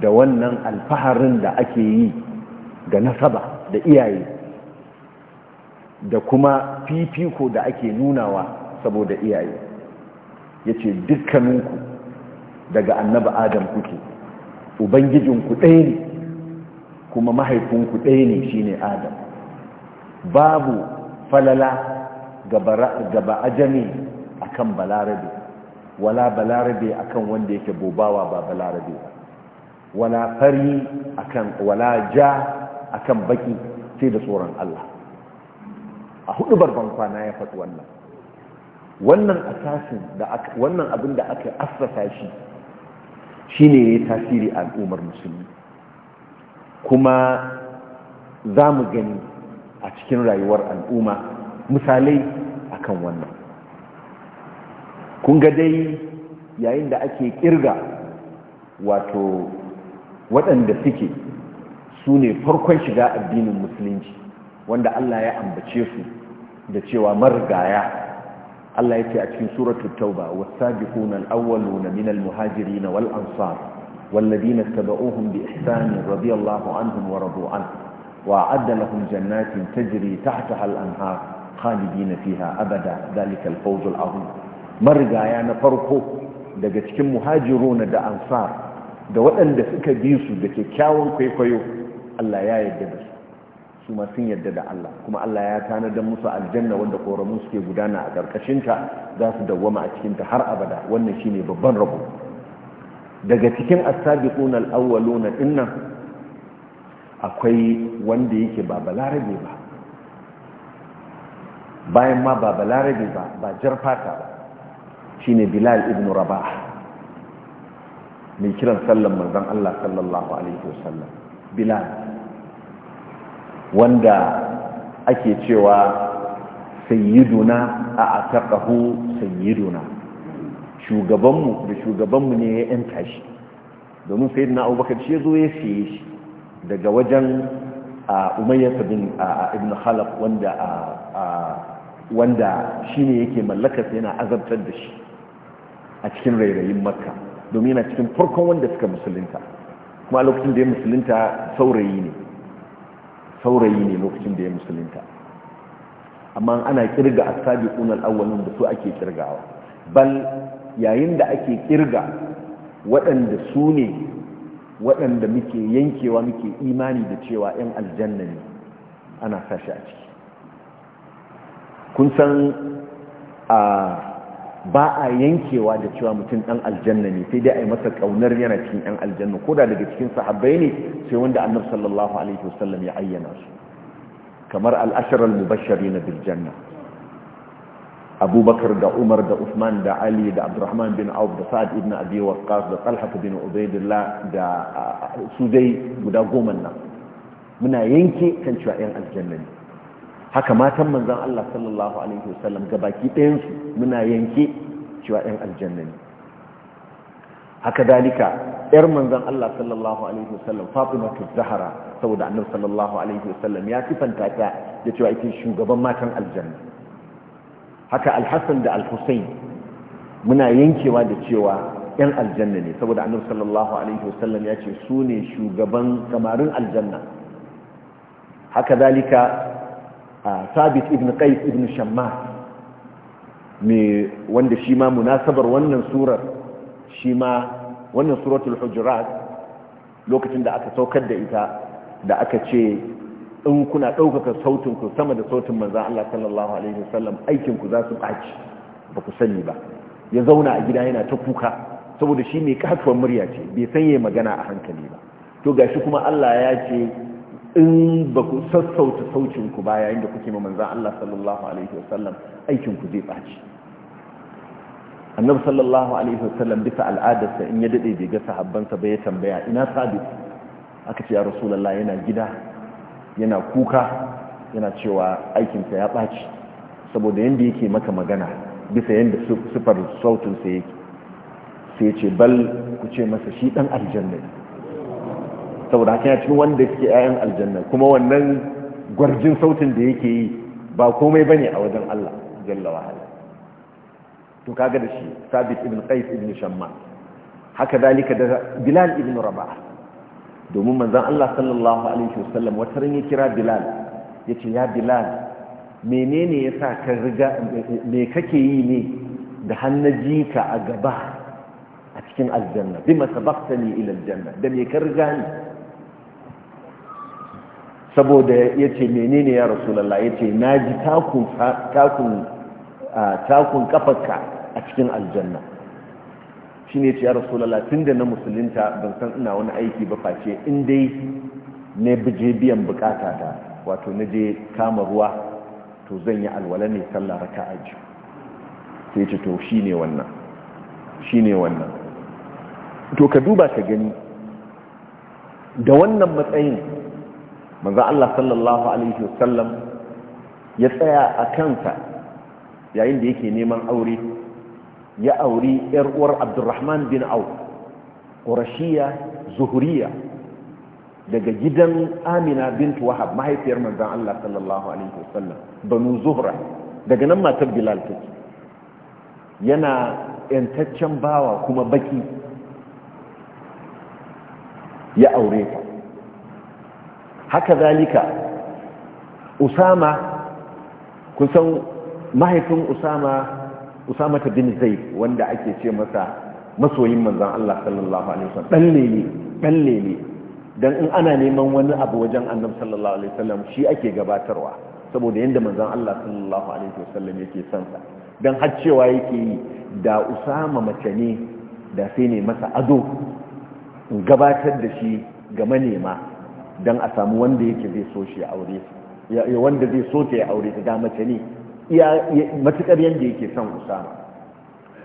da wannan alfaharin da ake yi ga nasaba da iyaye da kuma fifiko da ake nunawa saboda iyaye yace dukkaninku daga annabi Adam kuke ubangijinku ɗaya ne kuma mahaifinku ɗaya ne shine adam babu falala ga ba'ajami akan balarabe wala balarabe akan wanda yake bobawa ba balarabe ba wala fari akan wala ja akan baki sai da tsoron Allah a hudu barban kwana ya faɗi wannan wannan asasin da wannan abin da aka assasa shi shine yi tasiri al'ummar musulmi kuma za mu gani a cikin rayuwar al'umma misalai akan wannan kun ga dai yayin da ake kirga wato waɗanda suke su ne farkon shiga addinin musulunci wanda Allah ya ambace su da cewa marigaya Allah ya ce a cikin suratul tauba was-sabiquna al-awwaluna minal muhajirin wal ansar والذين اتبعوهم بإحسان رضي الله عنهم ورضوا عنه وأعد لهم جنات تجري تحتها الأنهار خالدين فيها أبدا ذلك الفوز العظيم Marigaya na farko daga cikin muhajiruna da ansar da waɗanda suka bi su da kyakkyawan kwaikwayo Allah ya yarda da su su ma sun yarda da Allah kuma Allah ya tanadar musu aljanna wanda koramun suke gudana a ƙarƙashinta za su dawwama a cikinta har abada wannan shine babban rabo daga cikin as-sabiqun al-awwaluna dinnan akwai wanda yake ba balarabe ba bayan ma ba balarabe ba ba jarfata ba shine bilal ibn rabah mai kiran sallan manzon Allah sallallahu alaihi wasallam bilal wanda ake cewa sayyiduna a ataqahu sayyiduna shugabanmu da shugabanmu ne ya yanta shi domin sai na abubakar shi ya zo ya siye shi daga wajen a umayyar bin ibn khalaf wanda shi ne yake mallakarsa yana azabtar da shi a cikin rairayin makka domin yana cikin farkon wanda suka musulunta kuma lokacin da ya musulunta saurayi ne saurayi ne lokacin da ya musulunta amma ana kirga a sabi kunal awalin da su ake kirgawa bal yayin da ake kirga waɗanda su ne waɗanda muke yankewa muke imani da cewa 'yan aljanna ne ana sashi a ciki kun san ba a yankewa da cewa mutum ɗan aljanna ne sai dai a yi masa ƙaunar yana cikin 'yan aljanna ko da daga cikin sahabbai ne sai wanda annab sallallahu alaihi wasallam ya ayyana su kamar al'ashirar mubashari na biljanna abubakar da umar da usman da ali da abdurrahman bin auf da sa'ad ibn abi waqqas da talha bin ubaidillah da ah, su dai guda goma nan muna yanke kan cewa yan aljanna ne haka matan manzon Allah sallallahu alaihi wasallam gabaki ɗayan su muna yanke cewa yan aljanna ne haka dalika yar manzon Allah sallallahu alaihi wasallam Fatima Zahra saboda annabi sallallahu alaihi wasallam ya sifanta ta da cewa ita shugaban matan aljanna haka alhassan da alhussain muna yankewa da cewa yan aljanna ne saboda annabi sallallahu alaihi wasallam ya ce su ne shugaban samarin aljanna haka zalika sabit ibn qais ibn shammah me wanda shi ma munasabar wannan surar shi ma wannan suratul hujurat lokacin da aka saukar da ita da aka ce in kuna ɗaukaka sautinku sama da sautin manzan Allah sallallahu Alaihi wasallam aikinku za su ɓaci ba ku sani ba ya zauna a gida yana ta kuka saboda shi mai katuwar murya ce bai sanye magana a hankali ba to gashi kuma Allah ya ce in ba ku sassauta sautinku ba yayin da kuke ma manzan Allah sallallahu Alaihi wasallam aikinku zai ɓaci annabi sallallahu Alaihi wasallam bisa al'adarsa in ya dade bai ga sahabbansa ba ya tambaya ina sabit aka ce ya rasulallah yana gida yana kuka yana cewa aikinsa ya ɓaci saboda yadda yake maka magana bisa yadda sufar sautinsa yake sai ce bal ku ce masa shi ɗan aljanna saboda haka ya cikin wanda suke 'ya'yan aljanna kuma wannan gwarjin sautin da yake yi ba komai ba ne a wajen Allah jalla wahala to kaga da shi sabit ibn qais ibn shamma haka dalika da bilal ibn rabah domin manzan Allah sallallahu alaihi wasallam wata ran ya kira Bilal ya ce ya Bilal menene ya sa ka riga me kake yi ne da hannaji ka a gaba a cikin aljanna bima ne ila aljanna da me ka riga ne? saboda yace menene ya rasulullah yace na ji takun takun kafarka a cikin aljanna shine ce ya rasulullah da na musulunta ban san ina wani aiki ba face in dai ne bije biyan bukata ta wato na je kama ruwa to zan yi alwala ne sallar raka aji sai ce to shi ne wannan shi ne wannan to ka duba ka gani da wannan matsayin maza Allah sallallahu alaihi wasallam ya tsaya a kansa yayin da yake neman aure ya auri yar uwar abdurrahman bin au ƙurashiya zuhuriya daga gidan amina bin wahab mahaifiyar manzan allah sallallahu alaihi wasallam banu zuhra daga nan matar bilal take yana yantaccen bawa kuma baki ya aure ta haka zalika usama kusan mahaifin usama usama ta bin zai wanda ake ce masa masoyin manzan Allah sallallahu alaihi wasallam ɗan lele ɗan lele don in ana neman wani abu wajen annabi sallallahu alaihi wasallam shi ake gabatarwa saboda yadda manzan Allah sallallahu alaihi wasallam yake son sa dan har cewa yake yi da usama mace ne da sai ne masa ado in gabatar da shi ga manema don a samu wanda yake zai so shi aure wanda zai so ta ya aure ta da mace ne iya matukar yadda yake son usama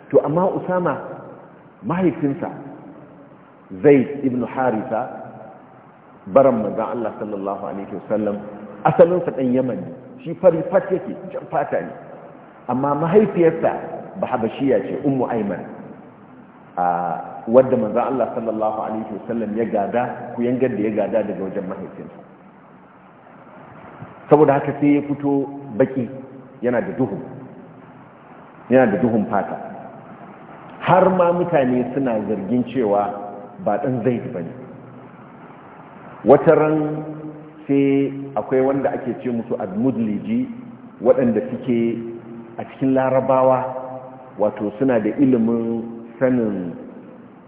to amma usama mahaifinsa zaid ibn harisa baran maza Allah sallallahu alaihi wasallam asalinsa ɗan yamani shi fari fat yake can fata ne amma mahaifiyarsa ba habashiya ce umu aiman a wadda maza Allah sallallahu alaihi wasallam ya gada ku yangar da ya gada daga wajen mahaifinsa saboda haka sai ya fito baki yana da duhu yana da duhun fata har ma mutane suna zargin cewa ba ɗan zaid ba ne ran sai akwai wanda ake ce musu al-mudliji waɗanda suke a cikin larabawa wato suna da ilimin sanin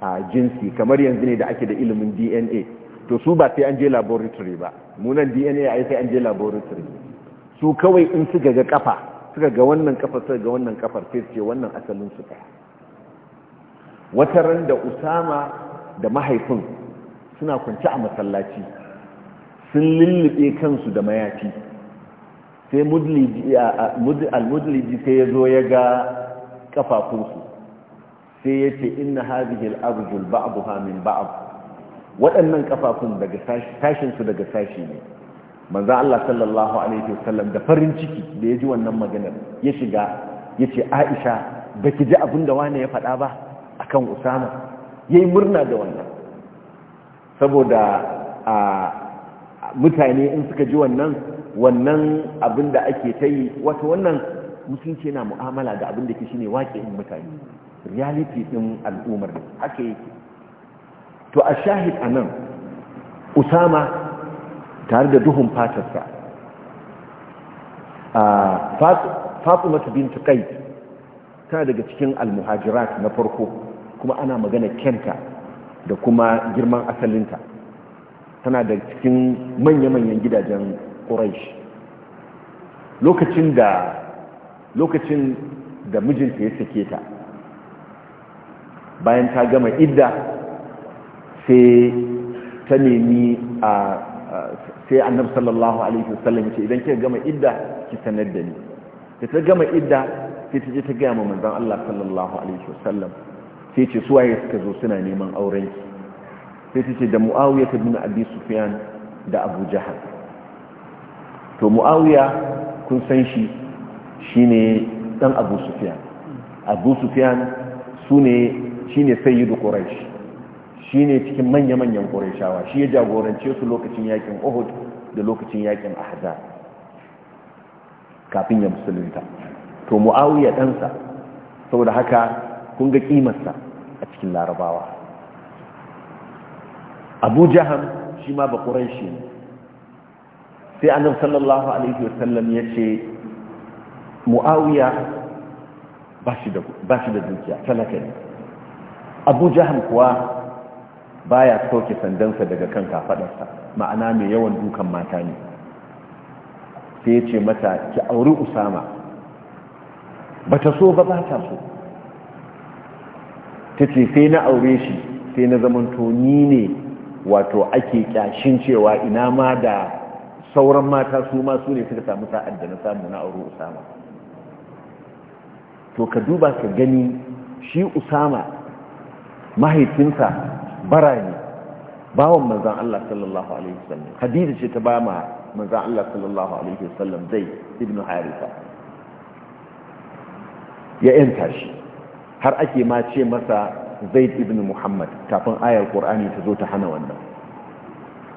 a jinsi kamar yanzu ne da ake da ilimin dna to su ba sai an je laboratory ba munan dna a sai an je laboratory su kawai in suka ga kafa suka ga wannan kafa suka ga wannan kafar sai ce wannan asalin su wata ran da usama da mahaifin suna kwanci a masallaci sun lullube kansu da mayafi sai al-mudliji sai ya zo ya ga kafafunsu sai ya ce inna hadhihi al-arjul ba'daha min ba'd waɗannan kafafun daga daga sashi ne manzo Allah sallallahu alaihi wasallam da farin ciki da ya ji wannan maganar ya shiga ya ce Aisha baki ji abin da wani ya faɗa ba akan Usama yayi murna da wannan saboda a mutane in suka ji wannan wannan abin da ake ta yi wato wannan musulunci yana mu'amala da abin da ke shine in mutane reality din al'ummar haka yake to a shahid anan Usama tare da duhun fatarsa a mata bin tukai tana daga cikin almuhajirat na farko kuma ana magana kenta da kuma girman asalinta tana da cikin manya-manyan gidajen quraish lokacin da lokacin da mijinta ya sake ta bayan ta gama idda sai ta nemi a sai annabi sallallahu alaihi wasallam ce idan kika gama idda ki sanar da ni da ta gama idda sai ta je ta gaya ma manzon Allah sallallahu alaihi wasallam sai ce su waye suka zo suna neman auren ki sai ta ce da Muawiya ibn Abi Sufyan da Abu Jahal to Muawiya kun san shi shine dan Abu Sufyan Abu Sufyan sune shine sayyidu Quraysh shi ne cikin manya-manyan ƙorashawa shi ya jagorance su lokacin yakin uhud da lokacin yakin Ahada. kafin ya musulunta to mu'awiya ɗansa saboda haka kun ga ƙimarsa a cikin larabawa abu jaham shi ma ba ƙorashi sai annabi sallallahu alaihi wasallam ya ce mu'awiya ba shi da dukiya talaka ne abu jaham kuwa baya sauke sandansa daga kan kafadarsa ma'ana mai yawan dukan mata ne sai ce mata ki auri usama ba ta so ba ba ta so ta ce sai na aure shi sai na zamanto ni ne wato ake kyashin cewa ina ma da sauran mata su ma su ne suka samu sa'ad da na samu na aure usama to ka duba ka gani shi usama mahaifinsa barani bawan manzan Allah sallallahu alaihi wasallam hadisi ce ta ba ma manzan Allah sallallahu alaihi wasallam zai ibn harisa ya yanta shi har ake ma ce masa zaid ibn muhammad kafin ayar qur'ani ta zo ta hana wannan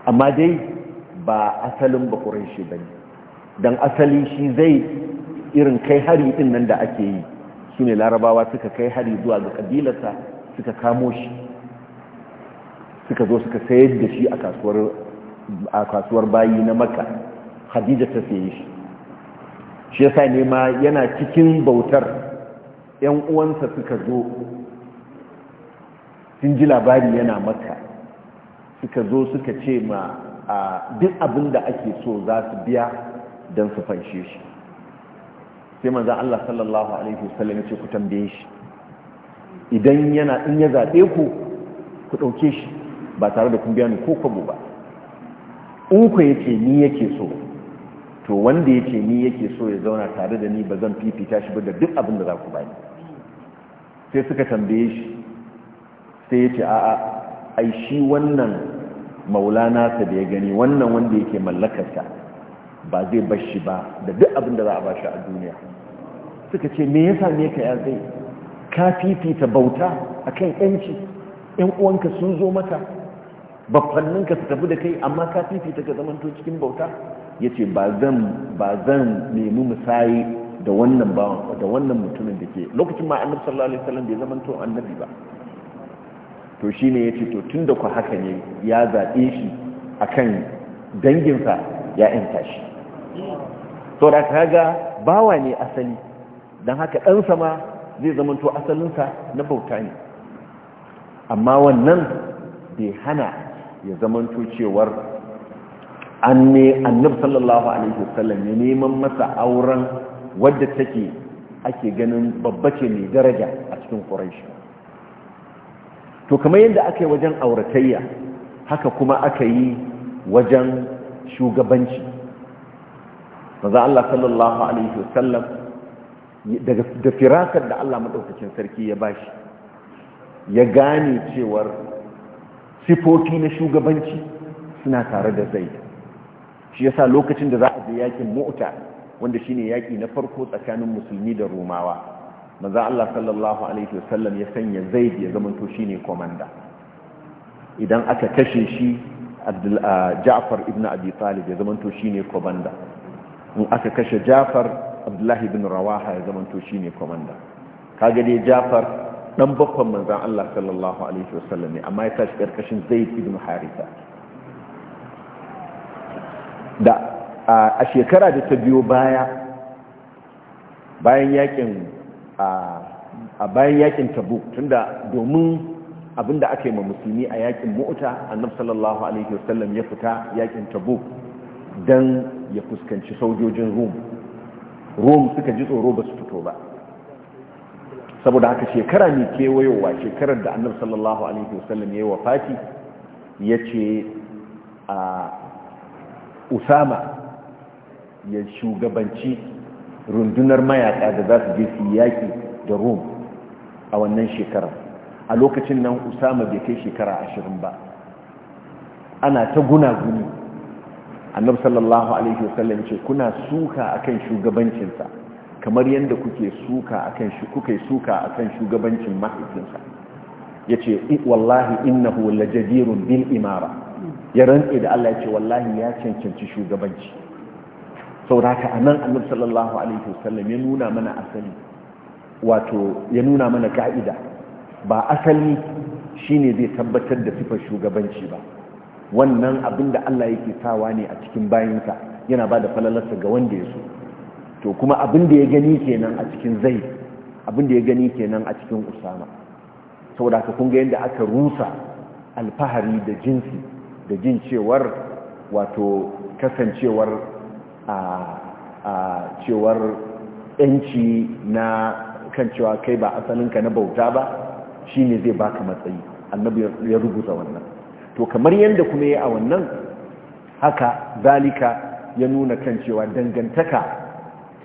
amma dai ba asalin ba ne don dan asali shi zai irin kai hari din nan da ake yi sune larabawa suka kai hari zuwa ga kabilarsa suka kamo shi suka zo suka sayar da shi a kasuwar bayi na maka hadija ta saye shi shi ya ne ma yana cikin bautar yan uwansa suka zo sun ji labari yana maka suka zo suka ce ma a duk abin da ake so za su biya don su fanshe shi sai manza Allah sallallahu Alaihi wasallam ce ku tambaye shi idan yana in ya zaɓe ku ku ɗauke shi ba tare da kun biya ni ko kwabo ba in ku yace ni yake so to wanda yace ni yake so ya zauna tare da ni ba zan fifita shi ba da duk abin da za ku bani sai suka tambaye shi sai yace a'a ai shi wannan maulana ta da ya gani wannan wanda yake mallakarta ba zai bar shi ba da duk abin da za a ba shi a duniya suka ce me yasa ne ka ya zai ka fifita bauta akan yanci yan uwanka sun zo mata babbannin ka su tafi da kai amma ka fifita ka zamanto cikin bauta ya ce ba zan nemi musayi da wannan da wannan mutumin da ke lokacin ma annabi sallallahu alaihi wasallam bai zamanto annabi ba to shine yace to tunda ku haka ne ya zabe shi akan danginsa ya yanta shi to da kaga bawa ne asali don haka ɗansa ma zai zamanto asalinsa na bauta ne amma wannan bai hana ya zamanto cewar an ne annab sallallahu alaihi wasallam ya neman masa auren wadda take ake ganin babba ce mai daraja a cikin quraish to kamar yadda aka yi wajen auratayya haka kuma aka yi wajen shugabanci maza Allah sallallahu alaihi wasallam da firasar da Allah madaukakin sarki ya bashi ya gane cewar sifofi na shugabanci suna tare da zaid shi yasa lokacin da za a je yakin mota wanda shine yaki na farko tsakanin musulmi da romawa manzo Allah sallallahu alaihi wasallam ya sanya zaid ya zama to shine komanda idan aka kashe shi Abdul ah, Ja'far ibn Abi Talib ya zama to shine komanda in aka kashe Ja'far Abdullah ibn Rawaha ya zama to shine komanda kaga dai Ja'far dan bakwan manzan Allah sallallahu alaihi wasallam ne amma ya tashi karkashin Zaid ibn Haritha da a shekara da ta biyo baya bayan yakin a bayan yakin Tabuk tunda domin abinda aka yi ma musulmi a yakin mota Annabi sallallahu alaihi wasallam ya fita yakin Tabuk dan ya fuskanci sojojin Rum Rum suka ji tsoro ba su fito ba saboda haka shekara mai kewayowa shekarar da annabi sallallahu alaihi wasallam ya yi wafati ya ce a usama ya shugabanci rundunar mayaka da za su je su yaƙi da rom a wannan shekarar a lokacin nan usama bai kai shekara ashirin ba ana ta gunaguni annabi sallallahu alaihi wasallam ce kuna suka akan shugabancinsa kamar yadda kuke suka akan shi kuke suka akan shugabancin mahaifinsa yace wallahi innahu lajadirun bil imara ya rantse da Allah yace wallahi ya cancanci shugabanci sauraka anan annabi sallallahu alaihi wasallam ya nuna mana asali wato ya nuna mana ka'ida ba asali shine zai tabbatar da sifar shugabanci ba wannan abinda Allah yake sawa ne a cikin bayinka yana ba da falalarsa ga wanda ya so to kuma abin da ya gani kenan a cikin zai abin da ya gani kenan a cikin usama saboda ka kunga yadda aka rusa alfahari da jinsi da jin cewar wato kasancewar a cewar yanci na kan cewa kai ba asalinka na bauta ba Shi ne zai baka matsayi annabi ya rubuta wannan to kamar yadda kuma ya a wannan haka zalika ya nuna kan cewa dangantaka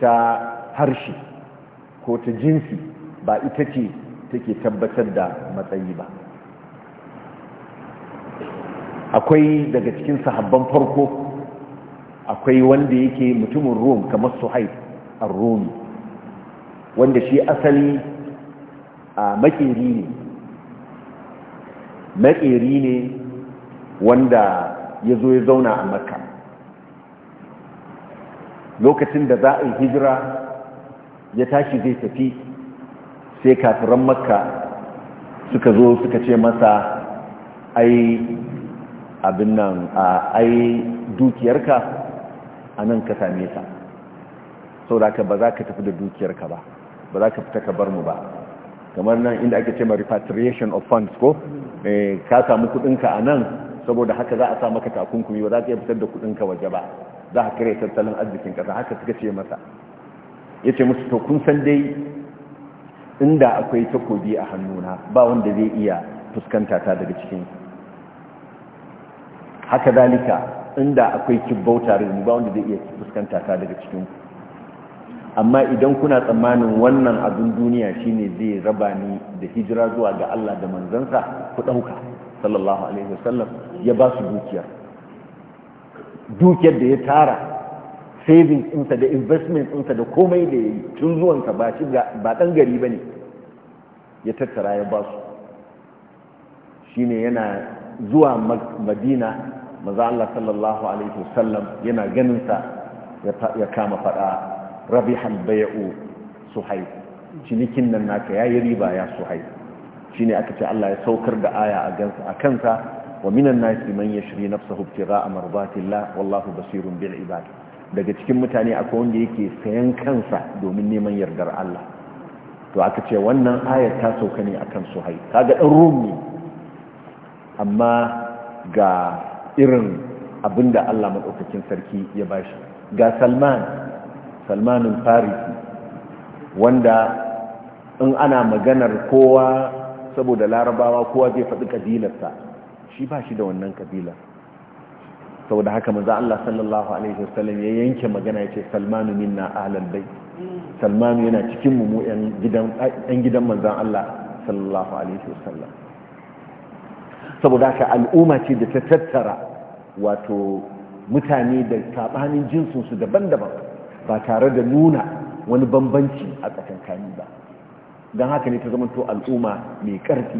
ta harshe ko ta jinsi ba ita ce take tabbatar da matsayi ba akwai daga cikin sahabban farko akwai wanda yake mutumin rom kamar haif a rumi wanda shi asali a makeri ne makeri ne wanda ya zo ya zauna a makka lokacin da za a yi hijira ya tashi zai tafi sai kafiran makka suka zo suka ce masa ai abin nan a ai dukiyarka a nan ka same ta sau da ka ba za ka tafi da dukiyarka ba ba za ka fita ka bar mu ba kamar nan inda ake ce ma repatriation of funds ko eh, ka samu kudinka a nan saboda haka za a sa maka takunkumi ba za ka iya fitar da kudinka waje ba za a kare tattalin arzikin ƙasa haka suka ce masa ya ce musu to kun san dai inda akwai takobi a hannuna ba wanda zai iya fuskanta ta daga cikin haka dalika inda akwai tare da ba wanda zai iya fuskanta ta daga cikin amma idan kuna tsammanin wannan abin duniya shine zai raba ni da hijira zuwa ga Allah da manzansa ku ɗauka sallallahu alaihi wasallam ya ba su dukiyar dukiyar da ya tara savings ɗinsa da investment ɗinsa da komai da ya yi tun zuwansa ba shi ba ɗan gari ba ne ya tattara ya ba su shi ne yana zuwa madina maza Allah sallallahu alaihi wasallam yana ganinsa ya kama faɗa o su hai cinikin nan naka ya yi riba ya hai shi ne aka ce Allah ya saukar da aya a kansa ومن الناس من يشري نفسه ابتغاء مرضات الله والله بصير بالعباد daga cikin mutane akwai wanda yake sayan kansa domin neman yardar Allah to aka ce wannan ayar ta sauka ne akan suhai kaga dan rumi amma ga irin abinda Allah madaukakin sarki ya bashi ga Salman Salmanul Farisi wanda in ana maganar kowa saboda larabawa kowa zai faɗi kabilarsa shi ba shi da wannan kabila da haka maza Allah sallallahu alaihi wasallam ya yanke magana ya ce salmanu minna alal bai salmanu yana cikin mu yan gidan manzan Allah sallallahu alaihi wasallam saboda haka al'umma ce da ta tattara wato mutane da sabanin jinsinsu daban-daban ba tare da nuna wani bambanci a tsakankani ba don haka ne ta zama to al'umma mai ƙarfi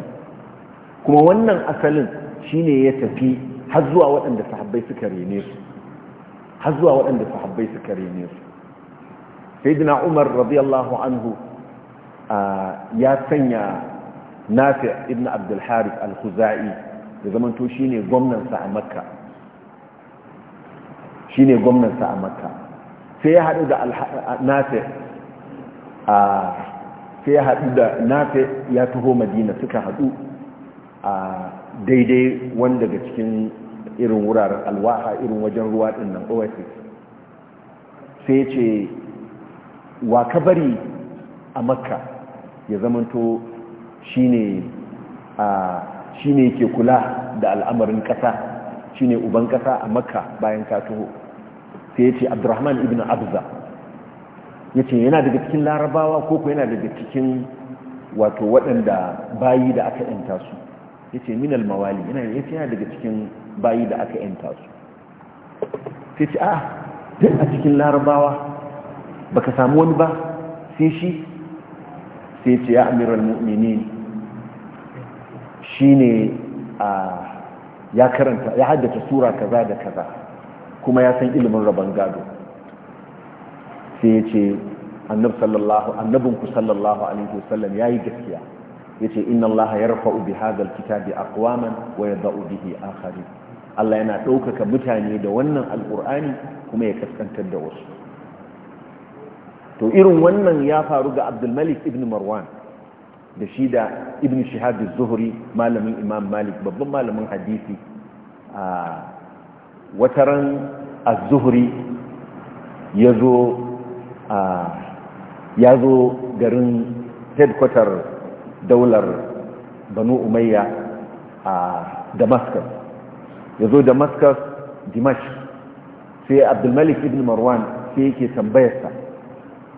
kuma wannan asalin shine ya tafi har zuwa waɗanda sahabbai suka rene su har zuwa waɗanda sahabbai suka rene su sayyidina umar radiyallahu anhu ya sanya nafi ibn abdul harith al-khuzai ya to shine gwamnan sa a makka shine gwamnan sa a makka sai ya hadu da nafi sai ya hadu da nafi ya taho madina suka hadu daidai wanda daga cikin irin wuraren alwaha irin wajen ruwa din nan oasis sai ce wa ka bari a makka ya zamanto shi ne ke kula da al'amarin kasa ne uban kasa a makka bayan ka taho sai ya ce abdurrahman ibn abza ya ce yana daga cikin larabawa ko yana daga cikin wato waɗanda bayi da aka yanta su yace minal mawali yana yace yana daga cikin bayi da aka yanta su sai ce a ah, a cikin larabawa baka samu wani ba sai shi sai ce ya amiral mu'minin shine a ya karanta ya haddace sura kaza da kaza kuma ya san ilimin rabon gado sai ya ce sallallahu annabinku sallallahu alaihi wasallam yayi gaskiya yace inna allaha yarfa'u bi hadha kitabi aqwaman wa yadha'u bihi akharin Allah yana ɗaukaka mutane da wannan alkur'ani kuma ya kaskantar da wasu to irin wannan ya faru ga abdulmalik ibn marwan da shi da ibn shihab zuhri malamin imam malik babban malamin hadisi a wataran az-zuhri ya zo garin hedkwatar. daular banu umayya a damascus ya zo damascus dimash sai abdulmalik ibn marwan sai yake tambayarsa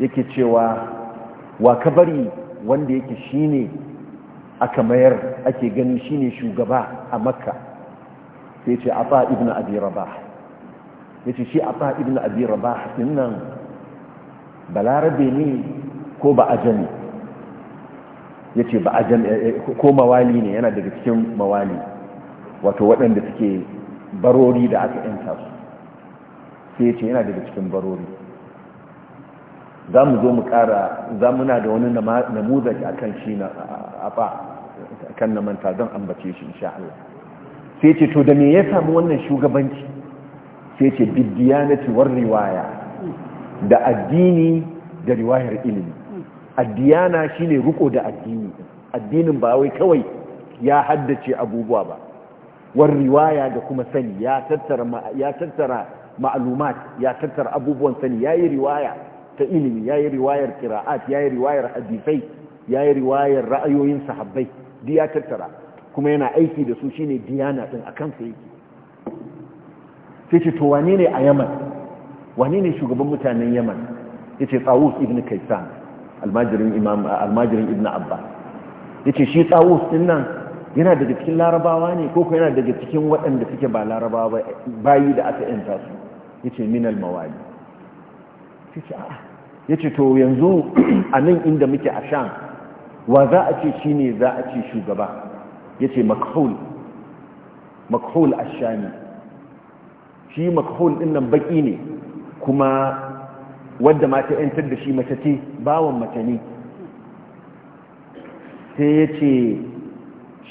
yake cewa wa kabari wanda yake shine aka mayar ake gani shine shugaba a makka sai ce afa ibn abi rabah yace shi afa ibn abi rabah balarabe ne ko ba ajami ya ce ba a eh, eh, ko mawali ne yana daga cikin mawali wato waɗanda suke barori da aka yanta su sai ya ce yana daga cikin barori za mu zo mu ƙara za muna da wani namuzar a kan shi na afa kan na manta don ambace shi insha Allah sai ce to da me ya samu wannan shugabanci sai ce na ciwon riwaya da addini da riwayar ilimi addiyana shine riko da addini addinin ba wai kawai ya haddace abubuwa ba war riwaya da kuma sani ya tattara ya tattara ma'lumat ya tattara abubuwan sani yayi riwaya ta ilimi yayi riwayar qira'at yayi riwayar hadisai yayi riwayar ra'ayoyin sahabbai duk ya tattara kuma yana aiki da su shine diyana din akan sa yake sai ce to wane ne a Yaman wane ne shugaban mutanen Yaman yace Tawus ibn Kaysan almajirin imam almajirin ibnu abba yace shi tsawus din nan yana daga cikin larabawa ne ko kuma yana daga cikin waɗanda suke ba larabawa ba bayi da aka yanta su yace min almawali yace Ya yace to yanzu a nan inda muke a sham wa za a ce shi ne za a ce shugaba yace makhul makhul ash shi makhul din nan baki ne kuma wadda ma ta yantar da shi mace ce bawan mace ne sai ya ce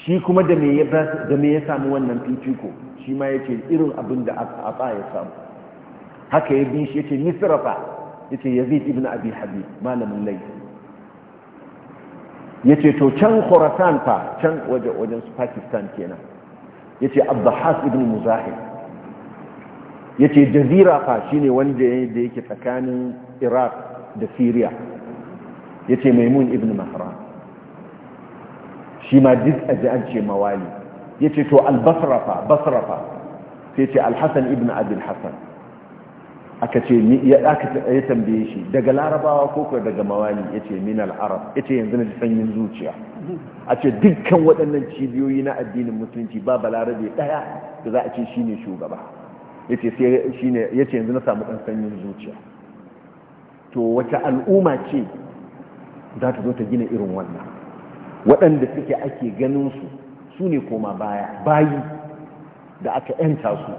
shi kuma da me ya sami wannan fifiko shi ma ya ce irin abin da afa ya samu haka ya bi shi ya ce misrafa ya ce yazid ibn abi habib malamin lai. ya ce to can khorasan fa can wajen su pakistan kenan ya ce abdahas ibn Muzahir. ya ce jazira fa ne wanda da yake tsakanin iraq da syria ya ce maimun ibn mahran shi ma duk ajiyance mawali ya ce to albasrafa basrafa sai ce alhassan ibn abin aka ce ya tambaye shi daga larabawa koko daga mawali ya ce min al'arab ya ce yanzu na sanyin zuciya a ce dukkan waɗannan cibiyoyi na addinin musulunci ba balarabe ɗaya da za a ce shi ne shugaba yace sai shine yace yanzu na samu dan zuciya to wata al'umma ce za ta zo ta gina irin wannan waɗanda suke ake ganin su sune ne koma baya bayi da aka yanta su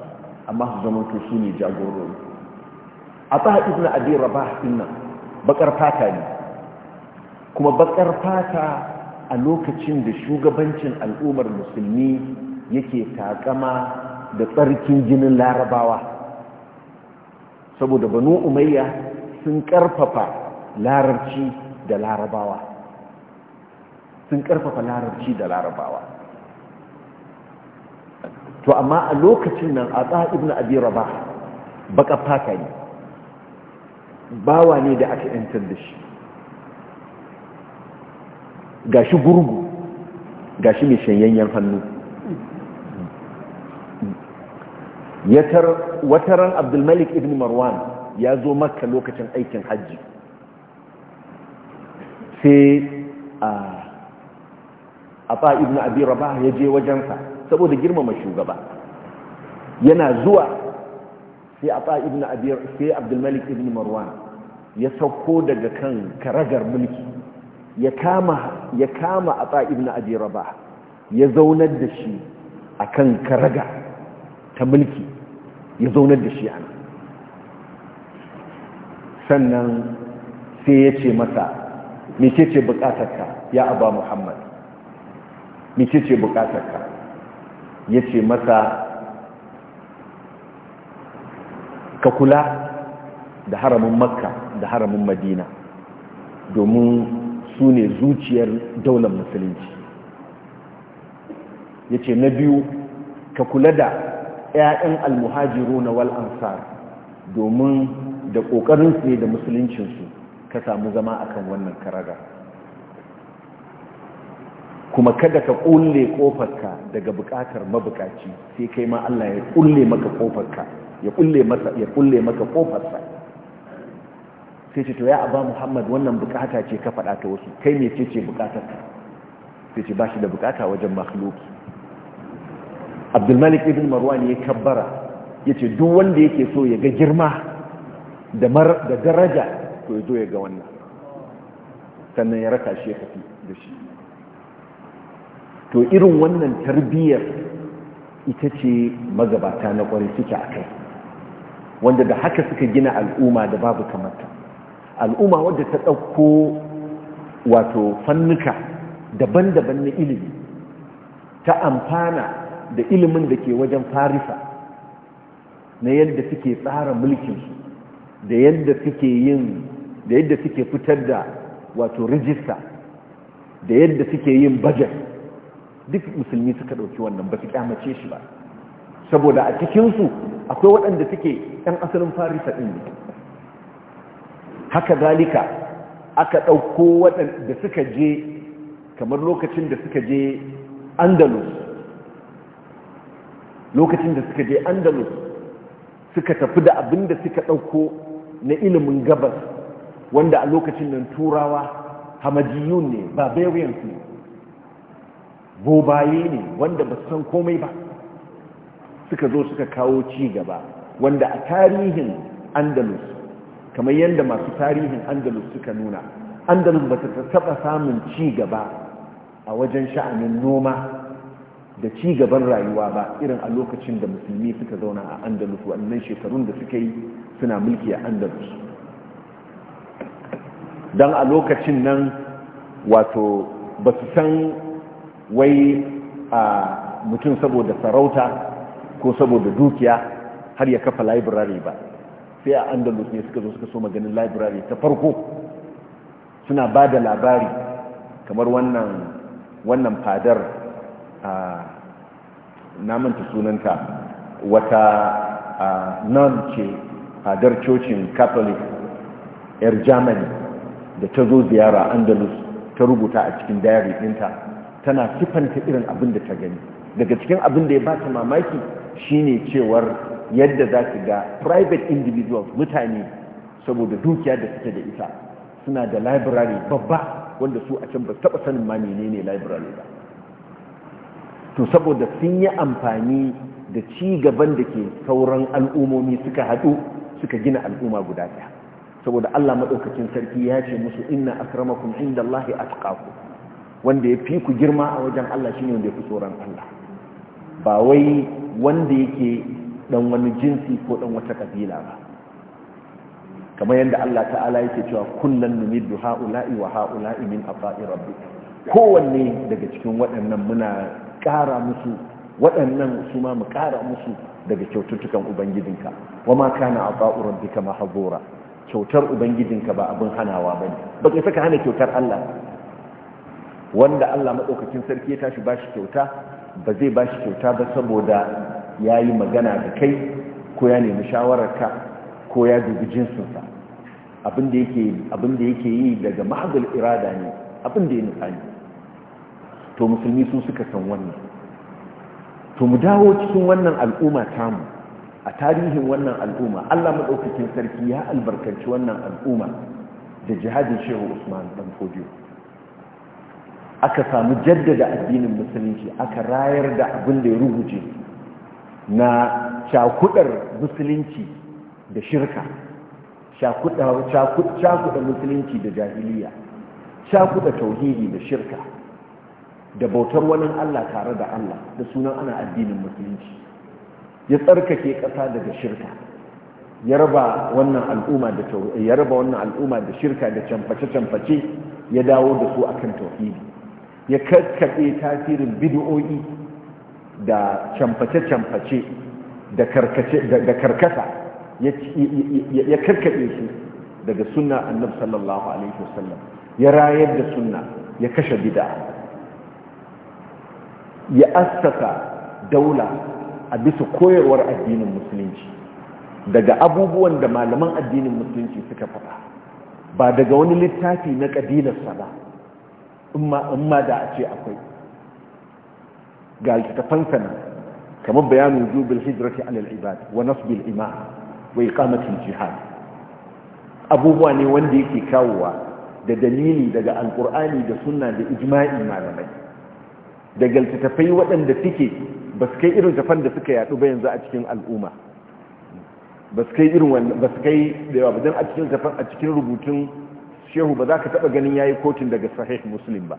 amma su zama to su ne jagorori a izina ibn abi rabah inna bakar fata ne kuma bakar fata a lokacin da shugabancin al'ummar musulmi yake takama da tsarkin jinin larabawa saboda banu umayya sun karfafa larabci da larabawa sun karfafa larabci da larabawa to amma a lokacin nan a tsaha ibn abi rabah baka faka ne bawa ne da aka yantar da shi gashi gurgu gashi mai shanyayyen hannu wataran abdulmalik ibn marwan ya zo makka lokacin aikin hajji sai a fa ibn ya je wajensa saboda girmama shugaba yana zuwa sai a fa ibn sai abdulmalik ibn marwan ya sauko daga kan karagar mulki ya kama a fa ibn abi ya zaunar da shi a kan karaga ta mulki ya zaunar da shi ana sannan sai ya ce masa mecece bukatarka ya aba muhammad mecece bukatarka ya ce masa ka kula da haramin makka da haramin madina domin su ne zuciyar daular musulunci ya ce na biyu ka kula da 'ya'yan almuhajiru na wal ansar domin da ƙoƙarin ne da musuluncinsu ka samu zama akan wannan karaga kuma kada ka ƙulle ƙofarka daga buƙatar mabukaci sai kai ma Allah ya ƙulle maka ƙofarka ya ƙulle masa ya maka ƙofarsa sai ce to ya abba muhammad wannan bukata ce ka faɗa ta wasu kai me ce ce bukatarka sai ce ba shi da bukata wajen makhluki abdulmalik ibn marwan ya kabbara ya ce duk wanda yake so ya ga girma da daraja to ya zo ya ga wannan sannan ya raka shi ya tafi da shi to irin wannan tarbiyyar ita ce magabata na kwarai suke a kai wanda da haka suka gina al'umma da babu kamata al'umma wadda ta ɗauko wato fannuka daban-daban na ilimi ta amfana da ilimin da ke wajen farisa na yadda suke tsara mulkinsu da yadda suke yin da yadda suke fitar da wato rijista da yadda suke yin bajet duk musulmi suka ɗauki wannan ba su kyamace shi ba saboda a cikinsu akwai waɗanda suke ɗan asalin farisa ɗin ne haka zalika aka ɗauko waɗanda suka je kamar lokacin da suka je andalus lokacin da suka je andalus suka tafi da abin da suka ɗauko na ilimin gabas wanda a lokacin nan turawa hamajiyun ne barbarians ne bobaye ne wanda ba san komai ba suka zo suka kawo ci gaba wanda a tarihin andalus kamar yadda masu tarihin andalus suka nuna andalus ba ta taɓa samun ci gaba a wajen sha'anin noma da ci gaban rayuwa ba irin a lokacin da musulmi suka zauna a andalus wannan shekarun da suka yi suna mulki a andalus don a lokacin nan wato ba su san wai a mutum saboda sarauta ko saboda dukiya har ya kafa library ba sai a andalus ne suka zo suka so maganin library ta farko suna ba da labari kamar wannan fadar na manta sunanta wata non ce fadar cocin catholic yar germany da ta zo ziyara andalus ta rubuta a cikin diary dinta tana siffanta irin abin da ta gani daga cikin abin da ya ba ta mamaki shine cewar yadda za ki ga private individuals mutane saboda dukiya da suke da ita suna da library babba wanda su a can ba taba sanin ma menene library ba to saboda sun yi amfani da ci gaban da ke sauran al'umomi suka haɗu suka gina al'umma guda ɗaya saboda Allah maɗaukacin sarki ya ce musu inna akramakum inda Allah ya wanda ya fi ku girma a wajen Allah shine wanda ya fi tsoron Allah ba wai wanda yake ɗan wani jinsi ko dan wata kabila ba kamar yadda Allah ta'ala yake cewa kullun numiddu ha'ula'i wa ha'ula'i min afa'i rabbik kowanne daga cikin waɗannan muna kara musu waɗannan su ma mu kara musu daga kyaututtukan ubangijinka wa ma kana ata'u rabbika mahzura kyautar ubangijinka ba abin hanawa bane ba kai saka hana kyautar Allah wanda Allah madaukakin sarki ya tashi bashi kyauta ba zai bashi kyauta ba saboda yayi magana da kai ko ya nemi shawararka ko ya dubi jinsin sa abin da yake yi daga mahzul irada ne abin da ya nufa to musulmi su suka san wannan to mu dawo cikin wannan al'umma tamu a tarihin wannan al'umma Allah madaukakin sarki ya albarkanci wannan al'umma da jihadin Shehu Usman dan Fodio aka samu jaddada addinin musulunci aka rayar da abin da ya rubuce na cakudar musulunci da shirka cakudar musulunci da jahiliya cakuɗa tauhidi da shirka da bautar wani Allah tare da Allah da sunan ana addinin musulunci ya tsarkake ƙasa daga shirka ya raba wannan al'umma da ya raba wannan al'umma da shirka da canface canface ya dawo da su akan tauhidi ya kakkabe tasirin bid'o'i da canface canface da karkasa ya kakkabe su daga sunna annabi sallallahu alaihi wasallam ya rayar da sunna ya kashe bid'a ya assasa daula a bisa koyarwar addinin musulunci daga abubuwan da malaman addinin musulunci suka faɗa ba daga wani littafi na ƙabilarsa ba in ma da a ce akwai ga littafansa na kamar bayanin jubil hijrati alal ibad wa nasbil imam wa iqamatil jihad abubuwa ne wanda yake kawowa da dalili daga alkur'ani da sunna da ijma'i malamai daga littattafai waɗanda suke ba su kai irin tafan da suka yaɗu ba yanzu a cikin al'umma ba su kai irin wannan ba su kai da yawa ba a cikin tafan a cikin rubutun shehu ba za ka taɓa ganin ya yi kotun daga sahih muslim ba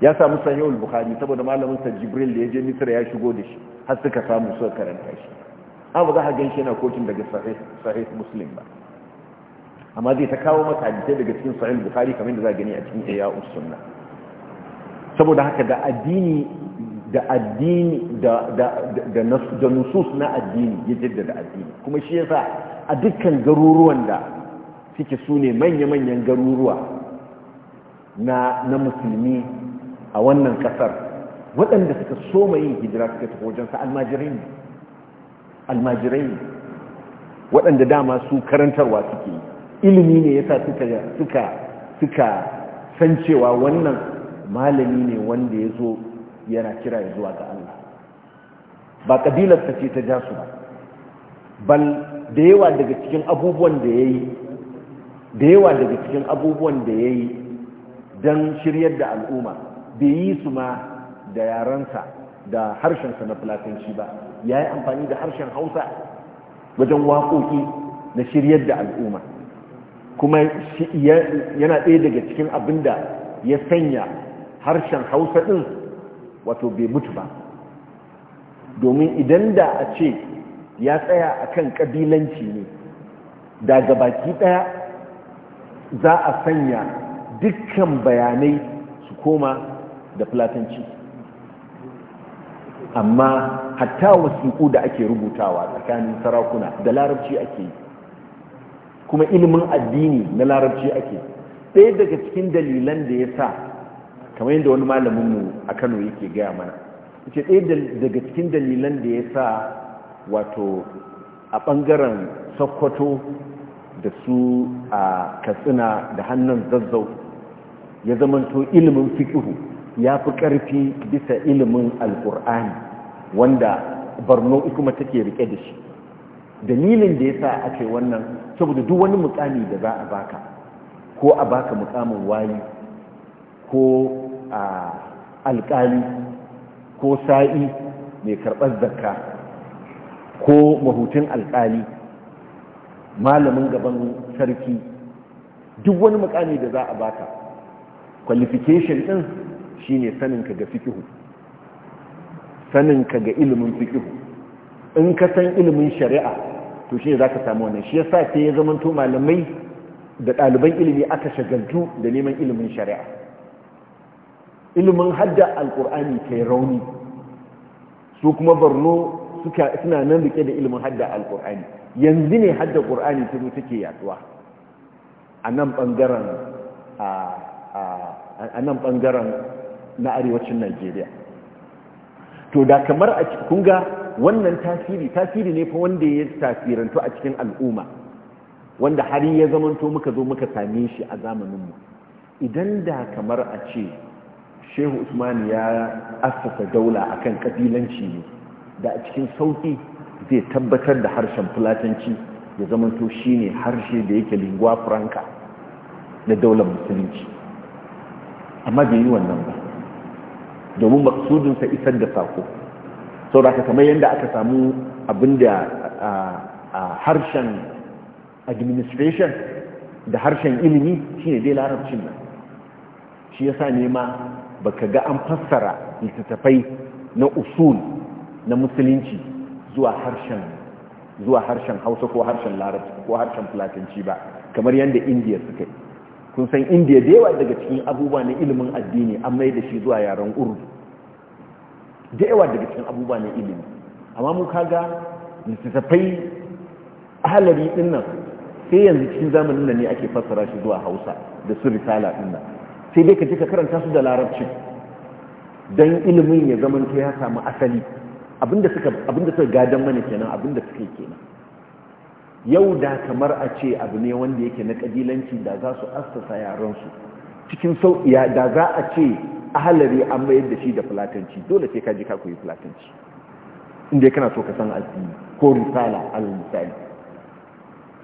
ya samu sahihul bukhari saboda malamin sa jibril da ya je misra ya shigo da shi har suka samu suka karanta shi an ba za ka ganshi yana kotun daga sahih muslim ba amma zai ta kawo maka hadisai daga cikin sahih bukhari kamar da za gani a cikin iya sunna saboda haka da addini da addini da da nusus na addini ya jaddada addini kuma shi yasa a dukkan garuruwan da suke sune ne manya-manyan garuruwa na musulmi a wannan kasar waɗanda suka soma yin hijira suka tafi wajensa almajirai ne almajirai ne waɗanda dama su karantarwa suke ilimi ne yasa suka suka suka san cewa wannan malami ne wanda ya zo yana kira ya zuwa ga Allah ba kabilarsa ce ta jasu ba bal da yawa daga cikin abubuwan da ya yi da yawa daga cikin abubuwan da ya yi don shiryar da al'umma bai yi su ma da yarensa da harshensa na fulatanci ba ya yi amfani da harshen hausa wajen waƙoƙi na shiryar da al'umma kuma yana ɗaya daga cikin abin da ya sanya harshen hausa ɗin wato bai mutu ba domin idan da a ce ya tsaya a kan ƙabilanci ne daga baki ɗaya za a sanya dukkan bayanai su koma da filatanci amma hatta wasiƙu da ake rubutawa tsakanin sarakuna da larabci ake yi kuma ilimin addini na larabci ake ɗaya daga cikin dalilan da ya sa kamar yadda wani malaminmu a kano yake gaya mana ita ɗaya daga cikin dalilan da ya sa wato a ɓangaren sokoto da su a katsina da hannun zazzau ya zamanto ilimin fikihu ya fi ƙarfi bisa ilimin alƙur'ani wanda barno kuma take rike da shi dalilin da ya sa ake wannan saboda duk wani mukami da za a baka ko a baka mukamin wayi ko A alƙali ko sa'i mai karɓar zakka ko mahutun alƙali malamin gaban sarki duk wani mukami da za a baka qualification ɗin shine saninka ga sanin saninka ga ilimin fiqhu in ka san ilimin shari'a to shi ne za samu wannan shi yasa sai ya zamanto malamai da ɗaliban ilimi aka shagaltu da neman ilimin shari'a ilimin hadda alkur'ani kai rauni su kuma borno suna nan rike da ilimin hadda alkur'ani yanzu ne hadda Qur'ani ta ke yaduwa a nan bangaren na arewacin najeriya to da kamar a ga wannan tasiri tasiri ne fa wanda ya tasirantu a cikin al'umma wanda har ya zamanto muka zo muka same shi a zamaninmu idan da kamar a ce shehu usman ya assasa daula akan kabilanci ne da a cikin sauki zai tabbatar da harshen fulatanci ya zamanto shine harshe da yake lingua franca na daular musulunci amma bai yi wannan ba domin maksudinsa isar da sako sauraka kamar yadda aka samu abinda a harshen administration da harshen ilimi shine dai larabcin nan shi yasa nema baka ga an fassara littattafai na usul na musulunci zuwa harshen hausa ko harshen larabci ko harshen fulatanci ba kamar yadda indiya suka yi kun san indiya da yawa daga cikin abubuwa na ilimin addini an mai da shi zuwa yaren urdu da yawa daga cikin abubuwa na ilimi amma mu kaga littattafai ahalari din nan sai yanzu cikin zamanin nan ne ake fassara shi zuwa hausa da su risala dinnan. sai dai ka je ka karanta su da larabci don ilimin ya zama ya samu asali abinda suka gadon mana kenan abinda suka yi kenan yau da kamar a ce abu ne wanda yake na kabilanci da za su assasa yaransu cikin sauƙiya da za a ce ahalari an mayar da shi da fulatanci dole sai ka je ka koyi fulatanci inda kana so ka san addini ko risala al misali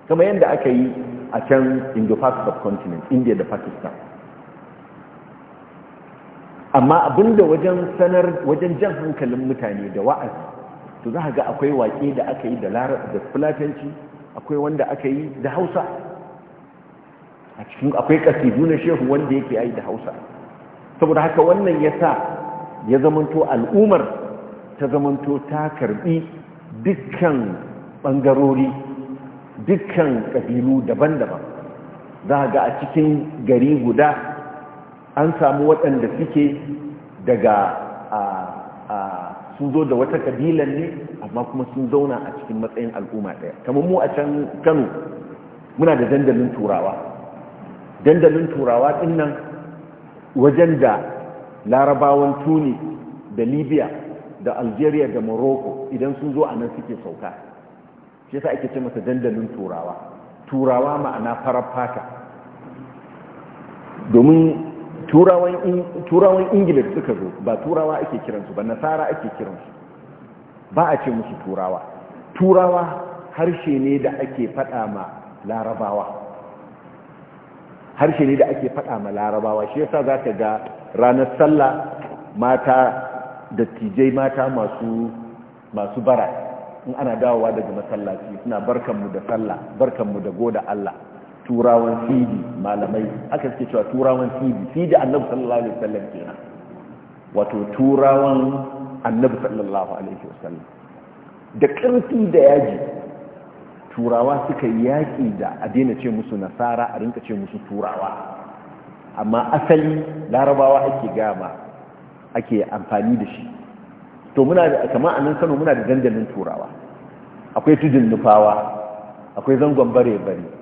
kamar yadda aka yi a can indo pacific continent india da pakistan amma abinda wajen sanar wajen jan hankalin mutane da wa'azi to za ga akwai waƙe da aka yi da da fulatanci akwai wanda aka yi da hausa a cikin akwai ƙasidu na shehu wanda yake yi da hausa saboda haka wannan ya sa ya zamanto al'umar ta zamanto ta karbi dukkan ɓangarori dukkan ƙabilu daban-daban za ga a cikin gari guda an samu waɗanda suke daga sun zo da wata kabilan ne amma kuma sun zauna a cikin matsayin al'umma ɗaya kamar mu a can kano muna da dandalin turawa dandalin turawa ɗin nan wajen da larabawan tuni da libya da algeria da morocco idan sun zo a nan suke sauka shi yasa ake ce masa dandalin turawa turawa ma'ana farar fata domin turawan ingila da suka zo ba turawa ake kiransu ba nasara ake kiransu ba a ce musu turawa turawa harshe ne da ake faɗa ma larabawa harshe ne da ake faɗa ma larabawa shi yasa za ka ga ranar sallah mata da tijai mata masu bara in ana dawowa daga masallaci suna barkanmu da sallah barkanmu da goda Allah turawan sidi malamai aka suke cewa turawan sidi sidi annabi sallallahu alaihi wasallam kenan wato turawan annabi sallallahu alaihi wasallam da ƙarfi da yaji turawa suka yaki da a daina ce musu nasara a rinka ce musu turawa amma asali larabawa ake gama ake amfani da shi to muna da kama a nan kano muna da dandalin turawa akwai tujin nufawa akwai zangon bare bare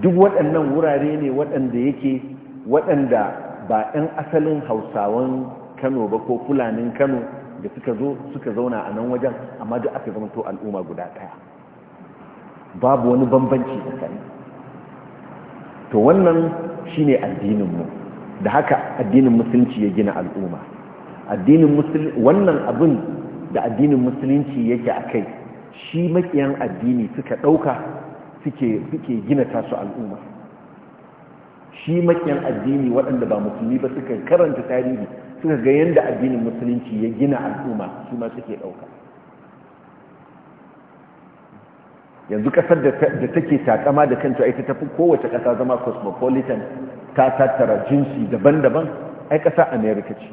duk waɗannan wurare ne waɗanda yake waɗanda ba 'yan asalin hausawan kano ba ko fulanin kano da suka zo suka zauna a nan wajen amma duk aka zama to al'umma guda ɗaya babu wani bambanci da kai. to wannan shine addininmu da haka addinin musulunci ya gina al'umma wannan abin da addinin musulunci yake a kai shi makiyan addini suka ɗauka suke gina tasu al'umma shi makiyan addini waɗanda ba musulmi ba suka karanta tarihi suka ga yadda addinin musulunci ya gina al'umma su ma suke ɗauka yanzu ƙasar da take takama da kanta ta tafi kowace ƙasa zama cosmopolitan ta tattara jinsi daban-daban ai ƙasa america ce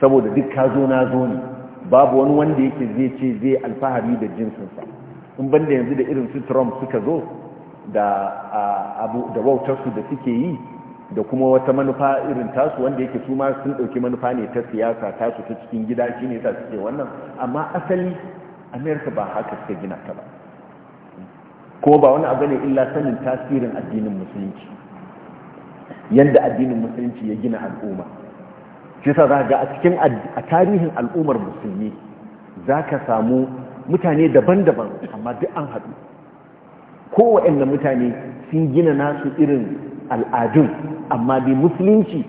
saboda duk ka zo na zo ne babu wani wanda yake zai ce zai alfahari da jinsinsa in banda yanzu da irin su trump suka zo da abu da wautarsu da suke yi da kuma wata manufa irin tasu wanda yake su ma sun ɗauki manufa ne ta siyasa tasu ta cikin gida shi ne su suke wannan amma asali amerika ba haka suka gina ta ba ko ba wani abu ne illa sanin tasirin addinin musulunci yadda addinin musulunci ya gina al'umma shi sa za ga a cikin a tarihin al'ummar musulmi za ka samu mutane daban-daban amma duk an haɗu kowaɗanne mutane sun gina nasu irin al'adun amma bi musulunci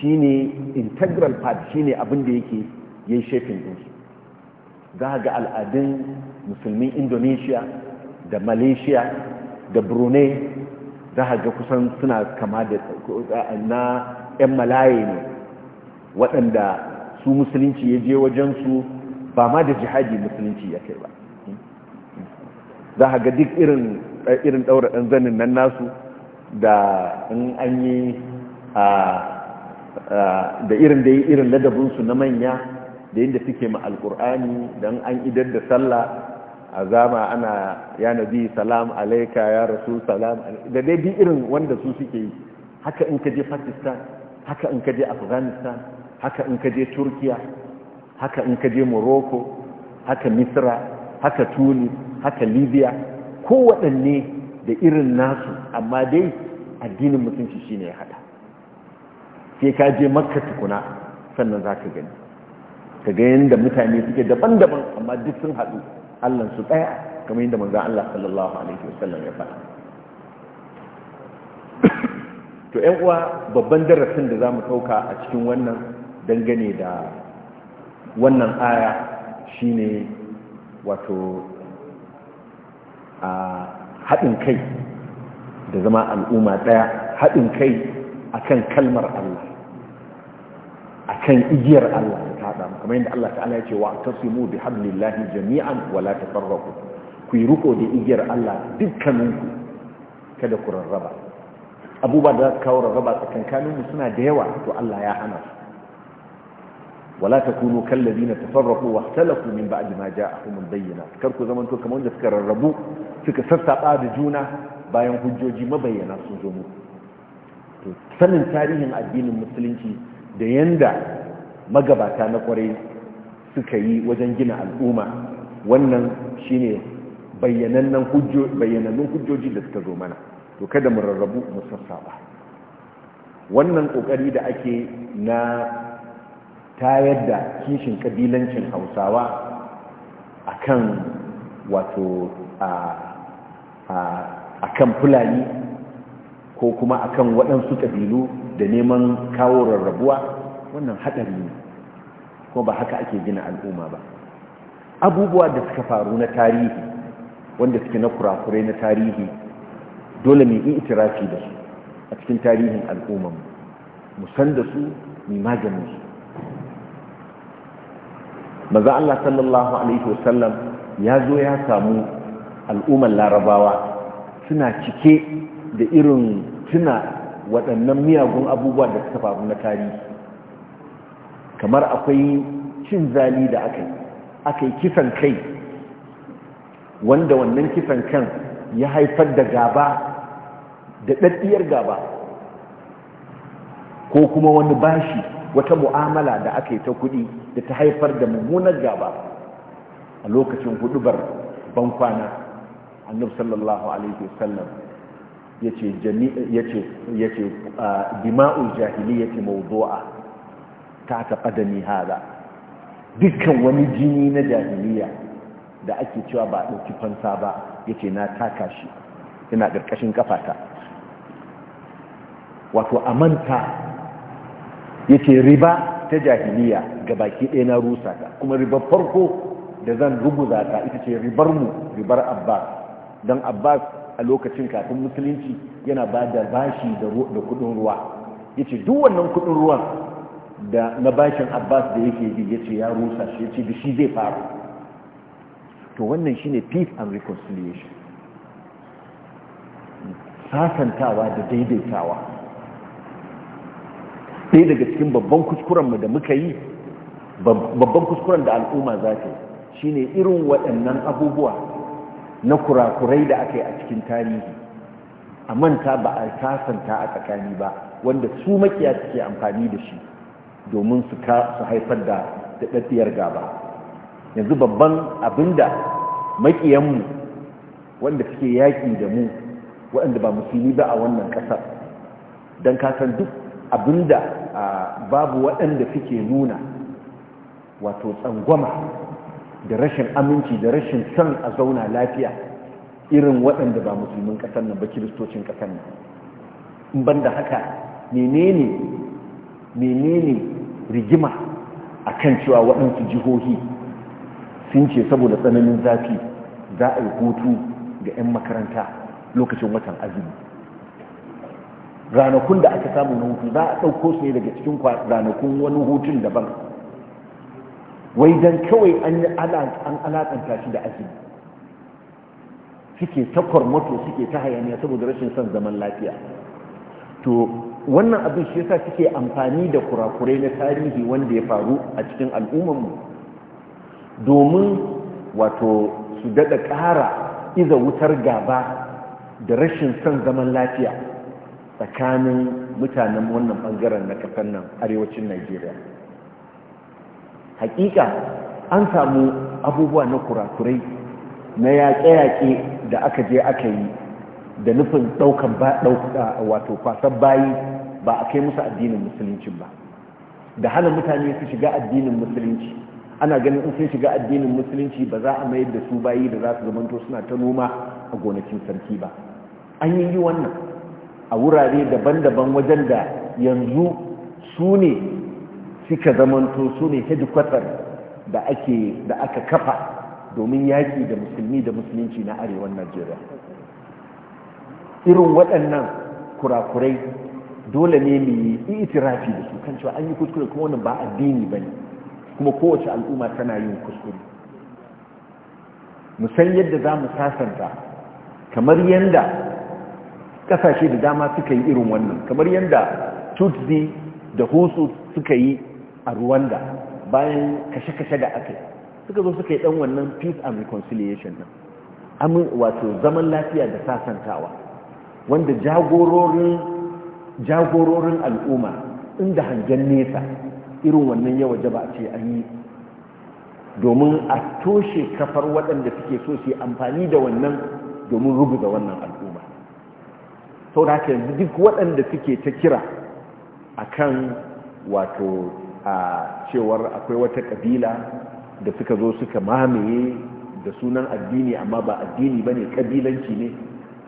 shine integral part shine abin da yake yayi shafin ɗinsu za ga al'adun musulmin indonesia da malaysia da brunei za ga kusan suna kama da na 'yan malaye ne waɗanda su musulunci ya je wajensu ba ma da jihadi musulunci ya kai ba za a ga duk irin ɗaura ɗan zanin nan nasu da in an yi da irin da yi irin ladabinsu na manya da yin da suke ma alƙur'ani don an idar da sallah a zama ana ya nabi salam alaika ya rasu salam da dai bi irin wanda su suke yi haka in ka je pakistan haka in ka je afghanistan haka in ka je turkiya haka in ka je morocco haka misra haka tuni haka libya kowaɗanne da irin nasu amma dai addinin mutunci shine ya hada sai ka je makka tukuna sannan za ka gani ka ga yadda mutane suke daban-daban amma duk sun haɗu allansu ɗaya kamar yadda manzan allah sallallahu alaihi wasallam ya faɗa to ‘yan uwa babban darasin da za mu ɗauka a cikin wannan dangane da wannan aya shine wato a haɗin kai da zama al'umma ɗaya haɗin kai akan kalmar Allah akan igiyar Allah ta haɗa mu kamar yadda Allah ta'ala ya ce wa tasimu bi hablillahi jami'an wala ta tafarraqu ku yi riko da igiyar Allah dukkaninku kada ku rarraba abubuwa da za su kawo rarraba tsakankaninmu suna da yawa to Allah ya hana su ولا تكونوا كالذين تفرقوا واختلفوا من بعد ما جاءهم البينات كركو زمان تو كمان da suka rarrabu suka sassaba da juna bayan hujjoji mabayyana sun zo mu to sanin tarihin addinin musulunci da yanda magabata na kwarai suka yi wajen gina al'umma wannan shine bayyanannan hujjo bayyanannun hujjoji da suka zo mana to kada mu rarrabu mu sassaba wannan kokari da ake na tayar da kishin kabilancin hausawa a kan wato a kan fulani ko kuma a kan waɗansu ƙabilu da neman kawo rarrabuwa wannan haɗari ne kuma ba haka ake gina al'umma ba abubuwa da suka faru na tarihi wanda suke na kurakurai na tarihi dole mai in itirafi da su a cikin tarihin al'umman mu san da su mai maganin su maza Allah sallallahu alaihi wasallam ya zo ya samu al'ummar larabawa suna cike da irin suna waɗannan miyagun abubuwa da suka faru na tarihi kamar akwai cin zali da aka yi kisan kai wanda wannan kisan kan ya haifar da gaba da ɗaɗɗiyar gaba ko kuma wani bashi wata mu'amala da aka yi ta kuɗi da ta haifar da mummunar gaba a lokacin hudubar bankwana annabi sallallahu alaihi wasallam yace yace yace jahiliya jahiliyyati mawdu'a ta ta qadami hada dukkan wani jini na jahiliya da ake cewa ba ɗauki fansa ba yace na taka shi ina karkashin kafata wato amanta yace riba ta jahiliya ga baki ɗaya na rusa ta kuma ribar farko da zan ruguza ta ita ce ribar mu ribar abbas don abbas a lokacin kafin musulunci yana ba da bashi da kudin ruwa yace duk wannan kudin ruwan da na bashin abbas da yake bi yace ya rusa shi ya yace da shi zai faru to wannan shine peace and reconciliation sasantawa da daidaitawa ɗaya daga cikin babban kuskurenmu da muka yi babban kuskuren da al'umma za ta shi ne irin waɗannan abubuwa na kurakurai da aka yi a cikin tarihi a manta ba a kasanta a tsakani ba wanda su makiya suke amfani da shi domin su haifar da daɗaɗɗiyar gaba yanzu babban abinda makiyanmu wanda suke yaƙi da mu waɗanda ba musulmi ba a wannan ƙasar don kasan duk abinda babu waɗanda suke nuna wato tsangwama da rashin aminci da rashin son a zauna lafiya irin waɗanda ba musulmin ƙasar nan ba kiristocin ƙasar nan in banda haka menene menene rigima a kan cewa waɗansu jihohi sun ce saboda tsananin zafi za a yi hutu ga 'yan makaranta lokacin watan azumi ranakun da aka samu na hutu za a ɗauko su ne daga cikin ranakun wani hutun daban wai don kawai an alaƙanta shi da azumi suke ta kwarmato suke ta hayaniya saboda rashin son zaman lafiya to wannan abin shi yasa suke amfani da kurakurai na tarihi wanda ya faru a cikin al'ummarmu domin wato su daɗa ƙara iza wutar gaba da rashin son zaman lafiya tsakanin mutanen wannan bangaren na kafin nan arewacin Najeriya hakika an samu abubuwa na kurakurai na yaƙe-yaƙe da aka je aka yi da nufin ɗaukan wato kwasan bayi ba a kai musu addinin musulunci ba da hana mutane su shiga addinin musulunci ana ganin in sun shiga addinin musulunci ba za a mayar da su bayi da za su zamanto suna ta noma a gonakin sarki ba an yi wannan a wurare daban-daban wajen da yanzu su ne suka zamanto su ne hedikwatar da ake da aka kafa domin yaƙi da musulmi da musulunci na arewan najeriya irin waɗannan kurakurai dole ne mu yi itirafi da su kan cewa an yi kuskure kuma wannan ba addini ba ne kuma kowace al'umma tana yin kuskure mu san yadda za mu sasanta kamar yadda kasashe da dama suka yi irin wannan kamar yadda tutsi da husu suka yi a ruwanda bayan kashe-kashe da aka suka zo suka yi dan wannan peace and reconciliation nan amin wato zaman lafiya da sasantawa wanda jagororin al'umma inda hangen nesa irin wannan yawa jaba ce an yi domin a toshe kafar waɗanda suke so su yi amfani da wannan domin rubuta wannan al'umma sau da haka yanzu duk waɗanda suke ta kira a kan wato a cewar akwai wata ƙabila da suka zo suka mamaye da sunan addini amma ba addini ba ne ƙabilanci ne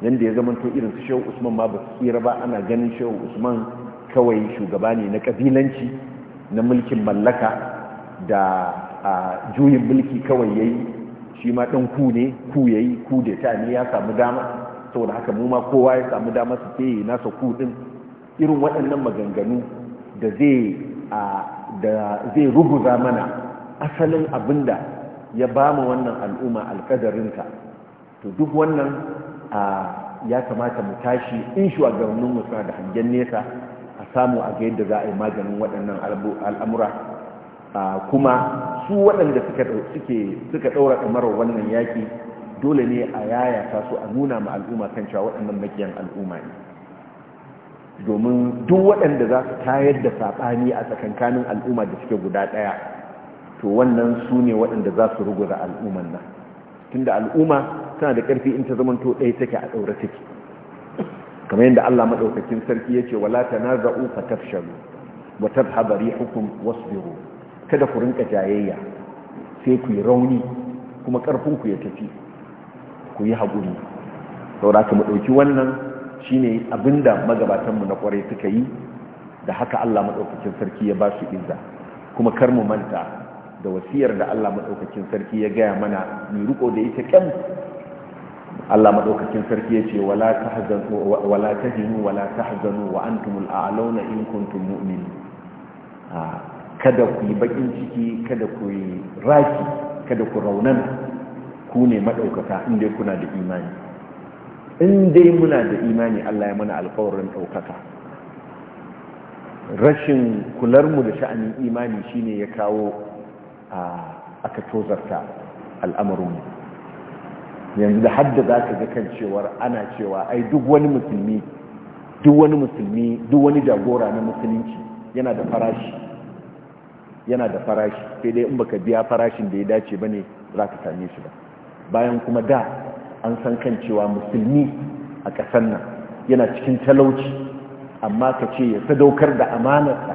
yadda ya zamanto irin su shehu usman ma ba su tsira ba ana ganin shehu usman kawai shugaba ne na ƙabilanci na mulkin mallaka da juyin mulki kawai ya yi shi ma ɗan ku ne ku ya yi ku da ta ne ya samu dama saboda haka mu ma kowa ya samu damar su ke nasa kudin irin waɗannan maganganu da zai da ruguza mana asalin abinda ya ba mu wannan al'umma alkadarinta to duk wannan ya kamata mu tashi in mu suna da hangen nesa a samu a ga yadda za a yi maganin waɗannan al'amura kuma su waɗanda suka ɗaura kamar wannan yaki dole ne a yayata su a nuna ma al'umma kan cewa waɗannan makiyan al'umma ne domin duk waɗanda za su tayar da saɓani a tsakankanin al'umma da suke guda ɗaya to wannan su ne waɗanda za su ruguza al'umman nan tunda al'umma tana da ƙarfi in ta zama to ɗaya take a ɗaure take kamar yadda Allah maɗaukakin sarki ya ce wala ka tafshalu wa hukum wasu biro, kada ku rinka jayayya sai ku yi rauni kuma ƙarfinku ya tafi ku yi haƙuri saura ka mu ɗauki wannan shine abinda magabatanmu na ƙwarai suka yi da haka Allah maɗaukakin sarki ya ba su izza kuma kar mu manta da wasiyar da Allah maɗaukakin sarki ya gaya mana mai riko da ita kyan Allah maɗaukakin sarki ya ce wala tahzanu wala tahzanu wa antumul a'launa in kuntum mu'minin ah, kada ku yi bakin ciki kada ku yi raki kada ku raunana ku ne maɗaukaka in kuna da imani in dai muna da imani Allah ya mana alkawarin ɗaukaka rashin mu da sha'anin imani shine ya kawo aka tozarta al'amarinmu yanzu da hadda za ka ga kan cewar ana cewa ai duk wani musulmi duk wani musulmi duk wani jagora na musulunci yana da farashi yana da farashi sai dai in baka biya farashin da ya dace bane za ka same shi ba bayan kuma da an san kan cewa musulmi a ƙasar nan yana cikin talauci amma ka ce ya sadaukar da amanarsa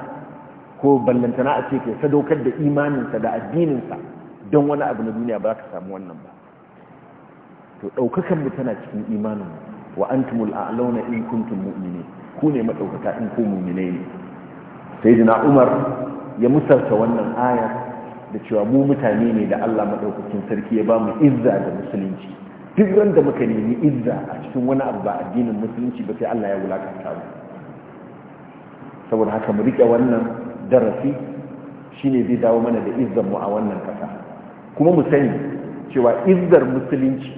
ko ballantana a ce ka sadaukar da imaninsa da addininsa don wani abu na duniya ba ka samu wannan ba to ɗaukakan mu tana cikin imanin wa a launa in kuntun mu'mini ku ne maɗaukata in ku mu'minai ne na umar ya musarta wannan ayar da cewa mu mutane ne da Allah madaukakin sarki ya ba bamu izza da musulunci duk wanda muka nemi izza a cikin wani abu ba addinin musulunci ba sai Allah ya wulakanta mu saboda haka mu rike wannan darasi shine zai dawo mana da izzar mu a wannan kasa kuma mu sani cewa izzar musulunci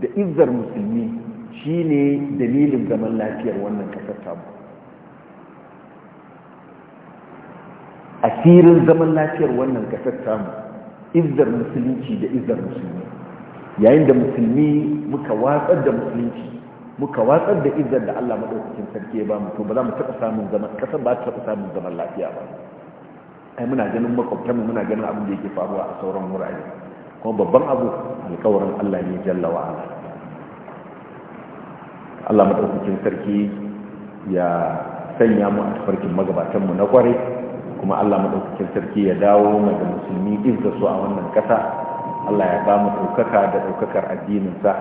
da izzar musulmi shine dalilin zaman lafiyar wannan kasar tamu a filin zaman lafiyar wannan kasar samu izzar musulunci da izzar musulmi yayin da musulmi muka watsar da musulunci muka watsar da izzar da Allah madaukakin sarki ya ba mu to ba za mu taɓa samun zaman kasar ba ta taɓa samun zaman lafiya ba ai muna ganin makwabtanmu muna ganin abin da yake faruwa a sauran wurare kuma babban abu alƙawarin Allah ne jalla wa ala Allah madaukakin sarki ya sanya mu a tafarkin magabatanmu na kwarai kuma allah maɗaukakin sarki ya dawo daga musulmi da su a wannan ƙasa allah ya ba mu ɗaukaka da ɗaukakar addinin sa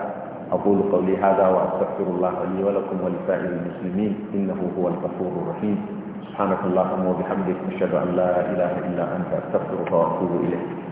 kulu ƙauli haza wa astaghfirullah li wa lakum wa lisa'il muslimin innahu huwal ghafurur rahim subhanakallahumma wa bihamdika ashhadu an la ilaha illa anta astaghfiruka wa atubu ilayk